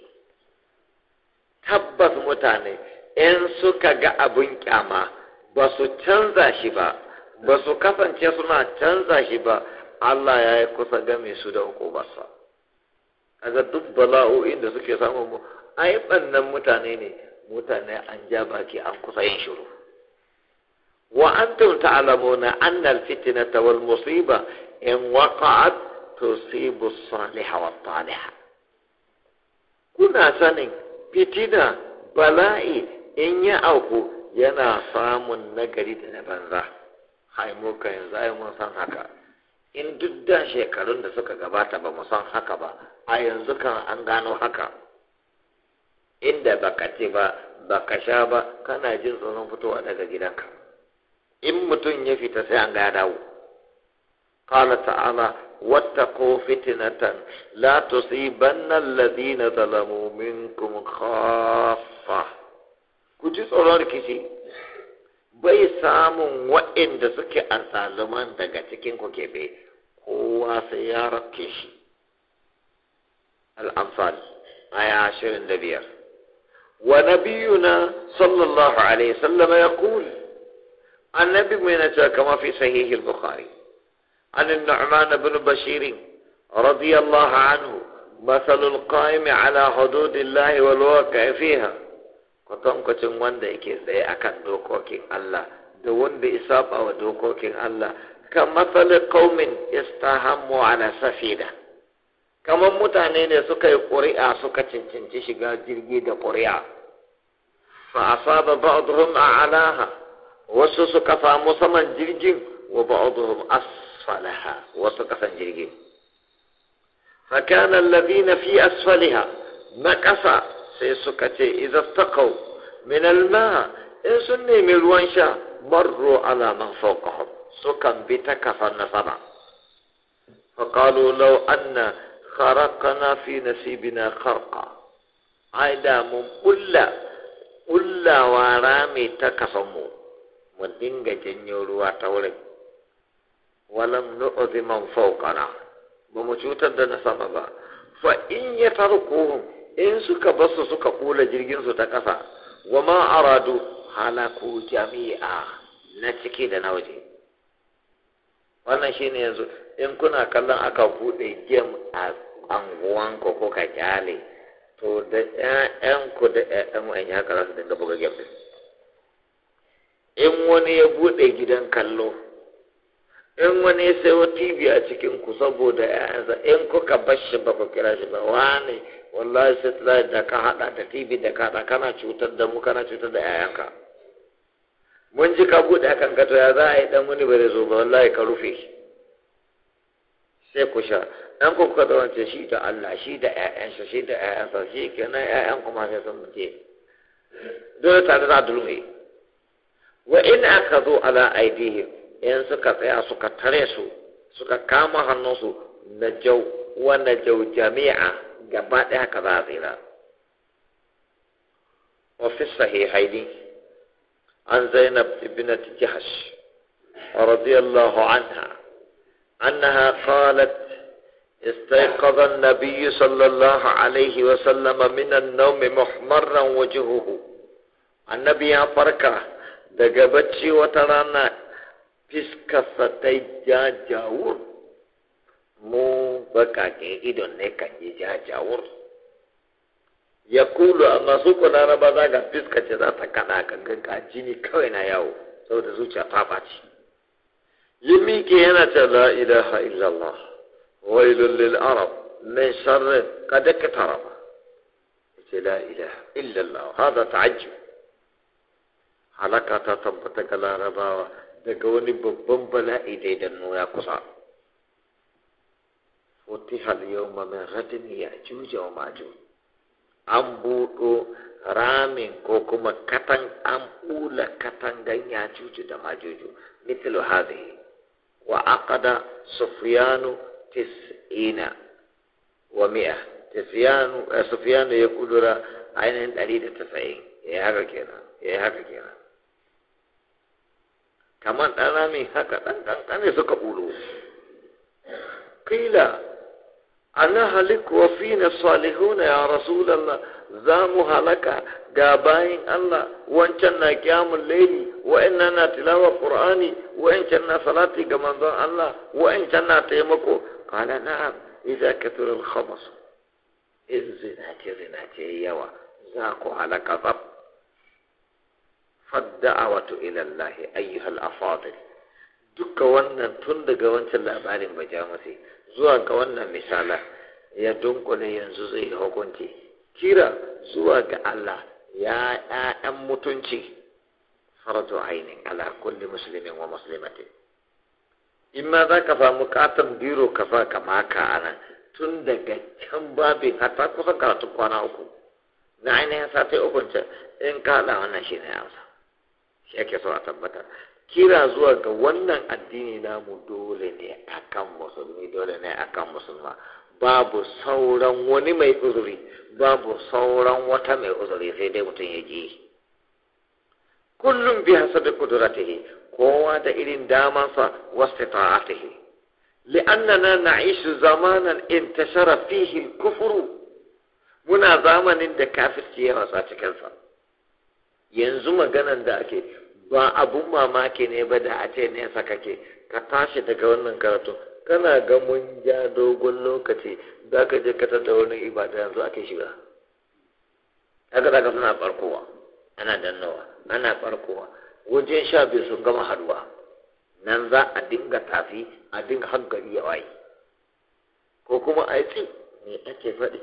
tabbas mutane in suka ga abun kyama ba su canza shi ba ba su kasance suna canza shi ba Allah ya yi kusa game su da uku hukumarsa kaga duk Bala'u da suke samun mu ai bannan mutane ne mutane an ja baki an kusa yin shiru wa antum ta'lamuna anna al-fitnata wal musiba in waqa'at tusibu as-salihu wa at-taliha kuna sanin fitina bala'i in ya auku yana samun nagari da banza hay mu kai zai mu san haka in dukkan shekarun da suka gabata ba mu san haka ba a yanzu kan an gano haka inda baka ce ba baka sha ba kana jin tsoron fitowa daga gidanka in mutum ya fita sai an ga dawo qala ta'ala wattaqu fitnatan la tusibanna alladhina zalamu minkum khaffa ku ji tsoron rikici bai samun wa'inda suke azaluman daga cikin ku kebe kowa sai ya rafke shi al-anfal aya 25 ونبينا صلى الله عليه وسلم يقول annabi mai na cewa kama fi sahihil bukhari an nu'man ibn bashir radiyallahu anhu مثل القائم على حدود الله والواقع فيها kwatankwacin wanda yake tsaye akan dokokin Allah da wanda isaba wa dokokin Allah kan matsali kaumin istahammu ala safida kamar mutane ne suka kuri'a ƙuri'a suka cincinci shiga jirgi da ƙuri'a fa asaba ba'dhum wasu suka samu saman jirgin wa ba'dhum asfalaha wasu kasan jirgin fa kana alladhina fi asfaliha na kasa sai suka ce idza taqaw min alma in sun nemi ruwan sha marru ala man fawqahum sukan bi ta kafan na sama fa qalu law anna kharaqna fi nasibina kharqa ai da mun kulla kullawa rami ta kasan mu mu dinga janyo ruwa ta wurin walam nu'zi man fawqana ba mu cutar da na sama ba fa in ya tarkuhum in suka basu suka kula jirgin su ta kasa wa ma aradu halaku jami'a na ciki da na waje wannan shine yanzu in kuna kallon aka bude game a anguwan ko ka kyale to da 'ya'yanku da 'ya'yan wa'in ya kara dinga buga game din in wani ya buɗe gidan kallo in wani ya sayo tv a cikin ku saboda ya'yansa in kuka bashi ba ku kira shi ba wani wallahi satellite da ka haɗa da tv da ka haɗa kana cutar da mu kana cutar da 'ya'yanka mun ji ka buɗe kan gato ya za a yi ɗan wani bare zo ba wallahi ka rufe sai ku sha ɗan ku kuka ce shi da Allah shi da ƴaƴansa shi da ƴaƴansa shi kenan ƴaƴan kuma sai sun mutu dole tare da a dulme وإن أخذوا على أيديهم إن سكت يا سكت تريسو سكت كاما هنوسو نجو ونجو جميعا جباتها كذا وفي الصحيحين عن زينب بنت جهش رضي الله عنها أنها قالت استيقظ النبي صلى الله عليه وسلم من النوم محمرا وجهه النبي فركه daga bacci wata rana fiskarsa ta jajawur mu bakakin idon ne ka yi jajawur ya kulu masu su ku laraba za ga fiskace za ta kada gangan ka jini kawai na yawo saboda zuciya ta faci yi miƙe yana ce la ilaha illallah wailul lil arab min sharrin qad katara ce la ilaha illallah hada ta'ajjub halaka ta tabbata ga larabawa daga wani babban bala'i da idan ya kusa futiha al-yawma min ya ya'juj wa ma'juj an buɗo ramin ko kuma katan an ɓula katangan ya'juj da ma'juj mithlu hadhihi wa aqada sufyanu tis'ina wa mi'a eh, sufyanu ya kudura ainihin ɗari da tasa'in ya haka kenan ya eh, yi haka kenan kamar ɗan rami haka ɗan ƙanƙane suka ɓulo kila ana haliku wa fina salihuna ya rasulallah za mu halaka ga bayan Allah wancan na kyamun laili wa'annan na tilawa qur'ani wa'ancan na salati ga manzon Allah wa'ancan na taimako qala na'am idza kathura al-khabas izina zina ce yawa za ku halaka tsaf a wato fadda'awatu ilallahi ayyuhal afadil duka wannan tun daga wancan labarin bajamasi zuwa ga wannan misala ya dunkule yanzu zai hukunci kira zuwa ga Allah ya ɗaɗan mutunci farzu ainihin ala kulle musulmin wa muslimatin in ma za ka samu katon biro ka sa ka maka a tun daga can babin har ta kusan karatu kwana uku na ainihin sati uku in ka haɗa wannan shi ne amsa yake ake so a tabbatar kira zuwa ga wannan addini namu dole ne a kan musulmi dole ne a kan musulma babu sauran wani mai uzuri babu sauran wata mai uzuri sai dai mutum ya ji kullum bi hasabi qudratihi kowa da irin damansa wasu ta'atihi li'annana na'ishu zamanan intashara fihi al-kufru muna zamanin da kafirci ya rasa cikinsa yanzu maganan da ake ba abun mamaki ne ba da a ce nesa kake ka tashi daga wannan karatu kana ga mun ja dogon lokaci za ka je ka tattara wani ibada yanzu ake shiga haka za ka suna farkowa ana dannawa ana farkowa wajen sha biyu sun gama haduwa nan za a dinga tafi a dinga hankali ya waye ko kuma a yi me ake faɗi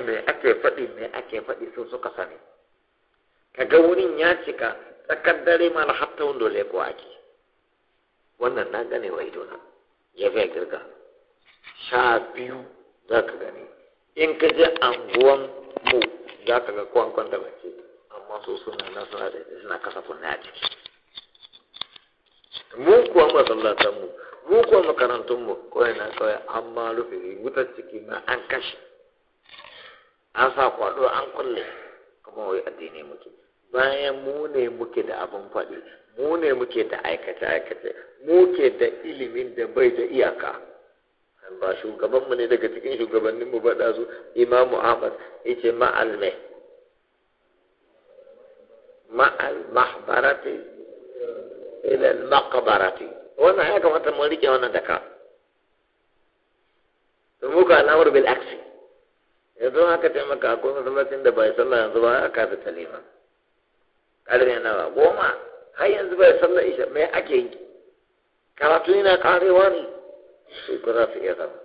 me ake faɗi me ake faɗi sun suka sani kaga wurin ya cika tsakar dare ma na hatta wanda zai ko ake wannan na gane wa idona ya fi girga sha biyu za ka gane in ka je anguwan mu za ka ga kwankwan da mace amma so suna na suna da suna kasa kunna a ciki mu kuwa masallatan mu mu kuwa makarantun mu kawai na kawai an ma rufe wuta ciki na an kashe an sa kwado an kulle kuma wai addini mutum bayan mu ne muke da abin faɗi mu ne muke da aikace-aikace da ilimin da bai da iyaka ba shugabanmu ne daga cikin shugabanninmu ba su imamu ahmad yace ma'al mai ma'al mahbarati wannan ya kamata mu rike wannan daka to muka al'amur bil aksi yanzu haka taimaka da bai sallah yanzu ba aka fi talima ƙarfe nawa goma har yanzu bai sallar isha me ake yi karatu yana karewa ne su ku za su iya zama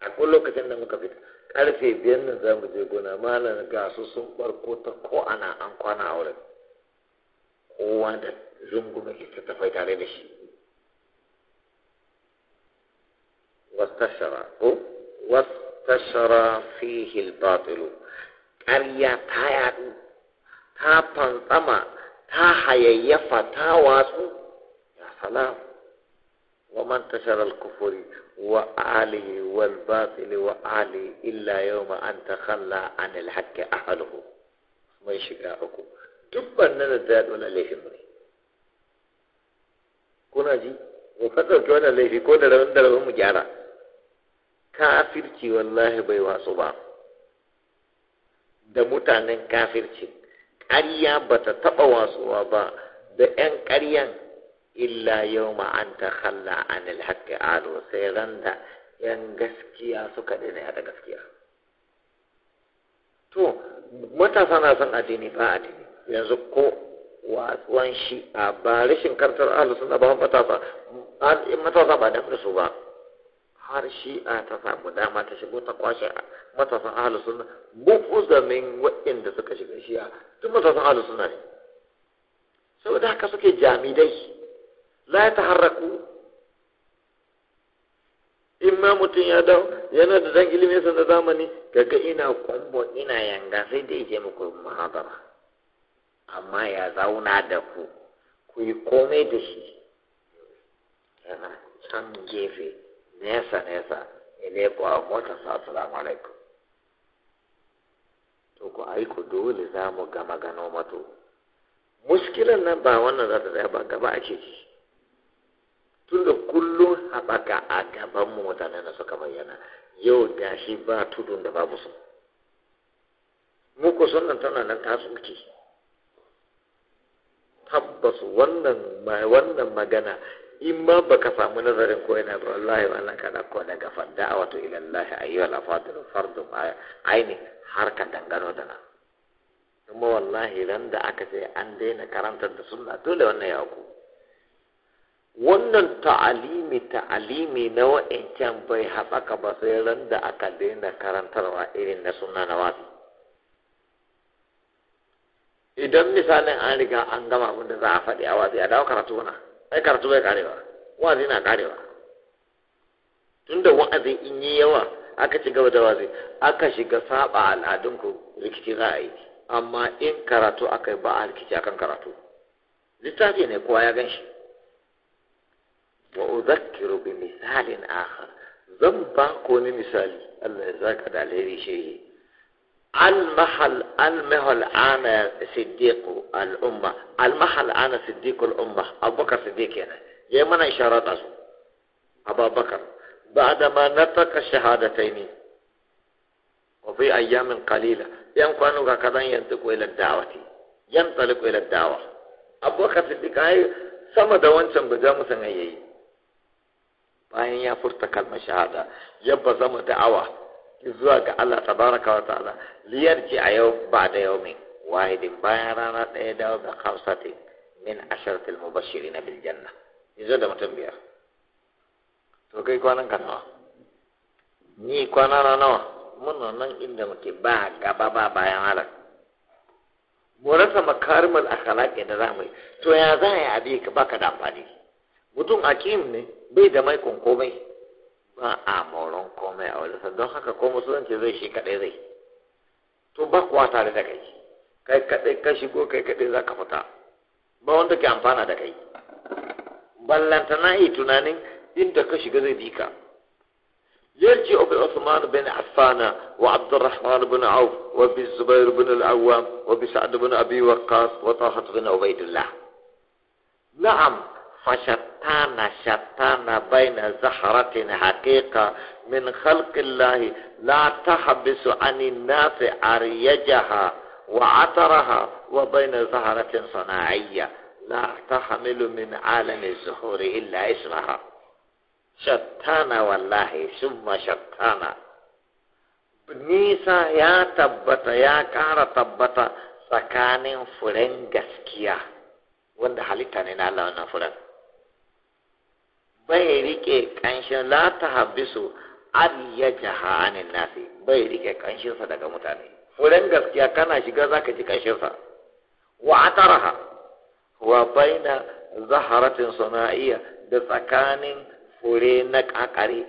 akwai lokacin da muka fita ƙarfe biyar nan za mu je gona malam ga su sun barko ta ko ana an kwana a wurin kowa da zungume fai tare da shi wastashara ko wastashara fihil batilu ƙarya ta yaɗu ta fantsama ta hayayyafa ta wasu ya salam wa man tashara al kufuri wa alihi wal batil wa ali illa yawma an takhalla an al-haqqi ahluhu mai shiga uku dubban nan da ya dole laifin ne kuna ji ko ka dauki wannan laifi ko da rabin da rabin mu gyara kafirci wallahi bai wasu ba da mutanen kafirci ƙarya ba ta taɓa wasuwa ba da ‘yan ƙaryan illa yau ma'an ta halla anil haƙƙi alo sai ran da ‘yan gaskiya suka daina yada gaskiya. To, matasa na son addini ba addini yanzu ko watsuwan shi a ba rashin kartar ahalusun suna ba matasa matasa ba da su ba. har shi'a ta samu dama ta shigo ta kwashe matasan ahalus sunna zamin waɗanda suka shiga shi'a tun matasan ahalus sunna ne saboda haka suke jamidai la ta harraku in ma mutum ya dawo yana da dan ilimin sa na zamani kaga ina kwambo ina yanga sai dai yake muku mahabara amma ya zauna da ku ku yi komai da shi can gefe nesa nesa ile kuwa motar sa assalamu alaikum to ku aiko dole za mu gama gano mato muskilan nan ba wannan za ta tsaya ba gaba ake ji tun da kullum haɓaka a gaban mu mutanen da suka bayyana yau gashi ba tudun da babu su muku sunan tana nan ta tsuke tabbas wannan wannan magana in ma baka samu nazarin ko yana ba wallahi wannan kana ko daga fadda wato ila Allah ayyuhal afadul fardu aini har ka dangano da na. kuma wallahi ran da aka ce an daina karantar da sunna dole wannan ya ku wannan ta'alimi ta'alimi na wa'ancan bai haɓaka ba sai ran da aka daina karantarwa irin na sunna na wasu idan misalin an riga an gama abin da za a faɗi a wasu ya dawo karatu na ai karatu bai karewa wazi na karewa tunda wa'azi in yi yawa aka ci gaba da wazi aka shiga saba al'adunku rikici za a yi amma in karatu aka yi ba a rikici akan karatu littafi ne kowa ya gan shi wa uzakkiru bi misalin akhar zan ba ko ni misali Allah ya zaka da alheri shehi المحل المه انا صديق الامه المحل انا صديق الامه ابو بكر صديق هنا يا من اشارات ابو بكر بعدما نطق الشهادتين وفي أيام قليلة يمكن كذا ينطق الى الدعوه ينطلق الى الدعوه ابو بكر صديق هاي سما da wancan ba za mu san yayi bayan ya furta kalmar shahada zuwa ga Allah tabaraka wa ta'ala liyarci a yau ba da yau min wahidin bayan rana ɗaya dawo ga hamsatin min asharatil mubashirina na? janna izo da mutum biyar to kai kwanan ka nawa ni kwana na nawa mun nan inda muke ba gaba ba bayan halak mu rasa makarimul akhlaqi da zamu to ya za a yi abi ka baka da amfani mutum akim ne bai da mai komai ba a moron komai a wajensa don haka ko musulunci zai shi kaɗai zai to ba kuwa tare da kai kai kaɗai ka shigo kai kaɗai za ka fita ba wanda ke amfana da kai ballanta na yi tunanin inda ka shiga zai bi ka يرجع بعثمان بن عفان وعبد الرحمن بن عوف وبالزبير بن العوام وبسعد بن أبي وقاص وطلحة بن عبيد الله نعم فشتان شتان بين زحرة حقيقة من خلق الله لا تحبس عن الناس عريجها وعطرها وبين زهرة صناعية لا تحمل من عالم الزهور إلا اسمها شتان والله ثم شتان نيسا يا تبتا يا كار تبتا سكان فرنجسكيا gaskiya حالي halitta ne فرنج bai rike kanshin la ta habisu an ya jahanin nasi bai rike kanshinsa daga mutane Furen gaskiya kana shiga za ka ji kanshinsa wa a ataraha wa baina zaharatin sana'iya da tsakanin fure na kakare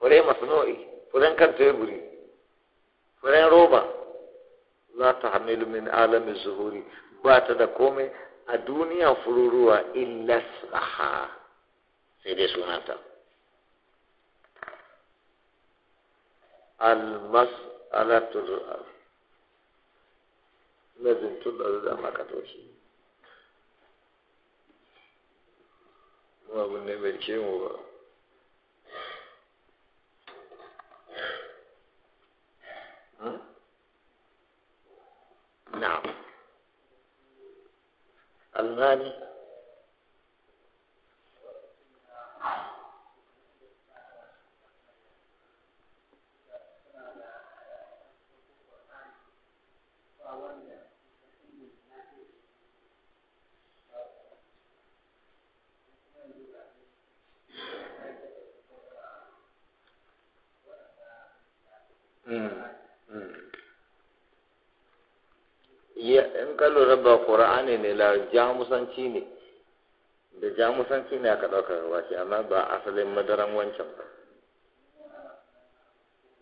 fure masnu'i furen kan teburi furen roba la ta hamilu min alamin zuhuri ba ta da komai a duniya fururuwa illa saha sai dai almas'alatul lazin da ne ba hmm? ne ne la jamusanci ne da jamusanci ne aka ɗauka wace amma ba asalin madaran wancan ba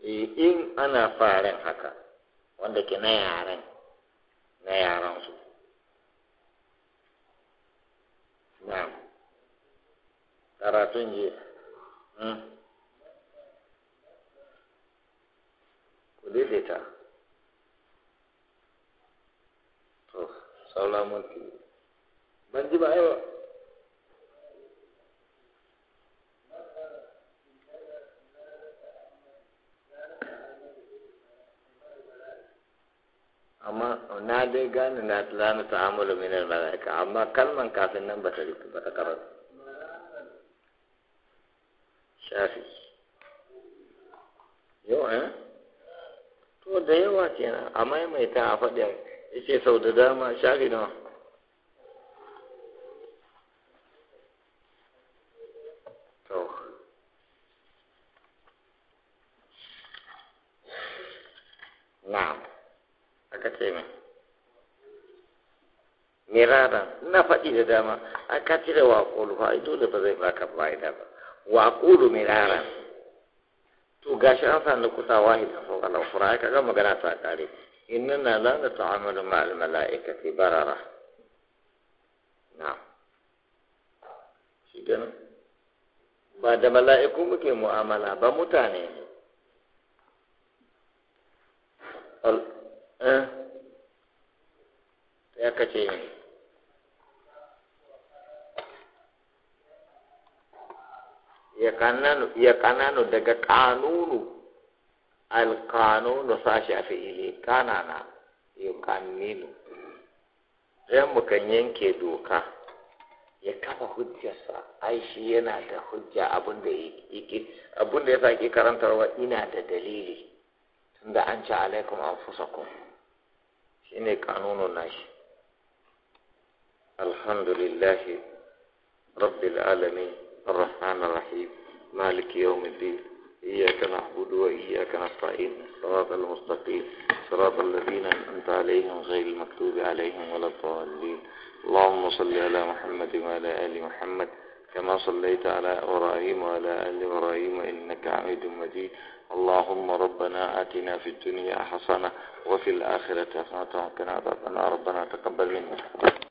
e, in ana farin haka wanda ke na yaren na yaren su na'am karatun je hmm? ku daidaita salamu salamun ban ji ba aiwa amma na dai gane na lana ta'amulu minar mala'ika amma kalman kafin nan ba ta rufe ba ta karar shafi yau eh to da eh? yawa kenan a maimaita a faɗin yake sau da dama shari nawa na'am aka ce min miraran na faɗi da dama a ka cire waƙulu fa da ba zai baka fa'ida ba wa waƙulu miraran to gashi an sa na kusa wahid a sauƙalar fura ka ga magana ta ƙare inna na lana ta amadu ma alimala ika fi barara na shi ba da mala iku muke mu amala ba mutane ya kace ya kananu daga kanunu alƙanunu sashi a fi'ili ƙanana yukannilu zan mukan yanke doka ya kafa hujjarsa ai shi yana da hujja abinda abinda ya sake karantarwa ina da dalili tunda an ci alaikum anfusakum shine na shi alhamdulillahi rabbil alamin الرحمن الرحيم مالك يوم الدين إياك نعبد وإياك نستعين صراط المستقيم صراط الذين أنت عليهم غير المكتوب عليهم ولا الضالين اللهم صل على محمد وعلى آل محمد كما صليت على إبراهيم وعلى آل إبراهيم إنك حميد مجيد اللهم ربنا آتنا في الدنيا حسنة وفي الآخرة حسنة وقنا عذاب النار ربنا تقبل منا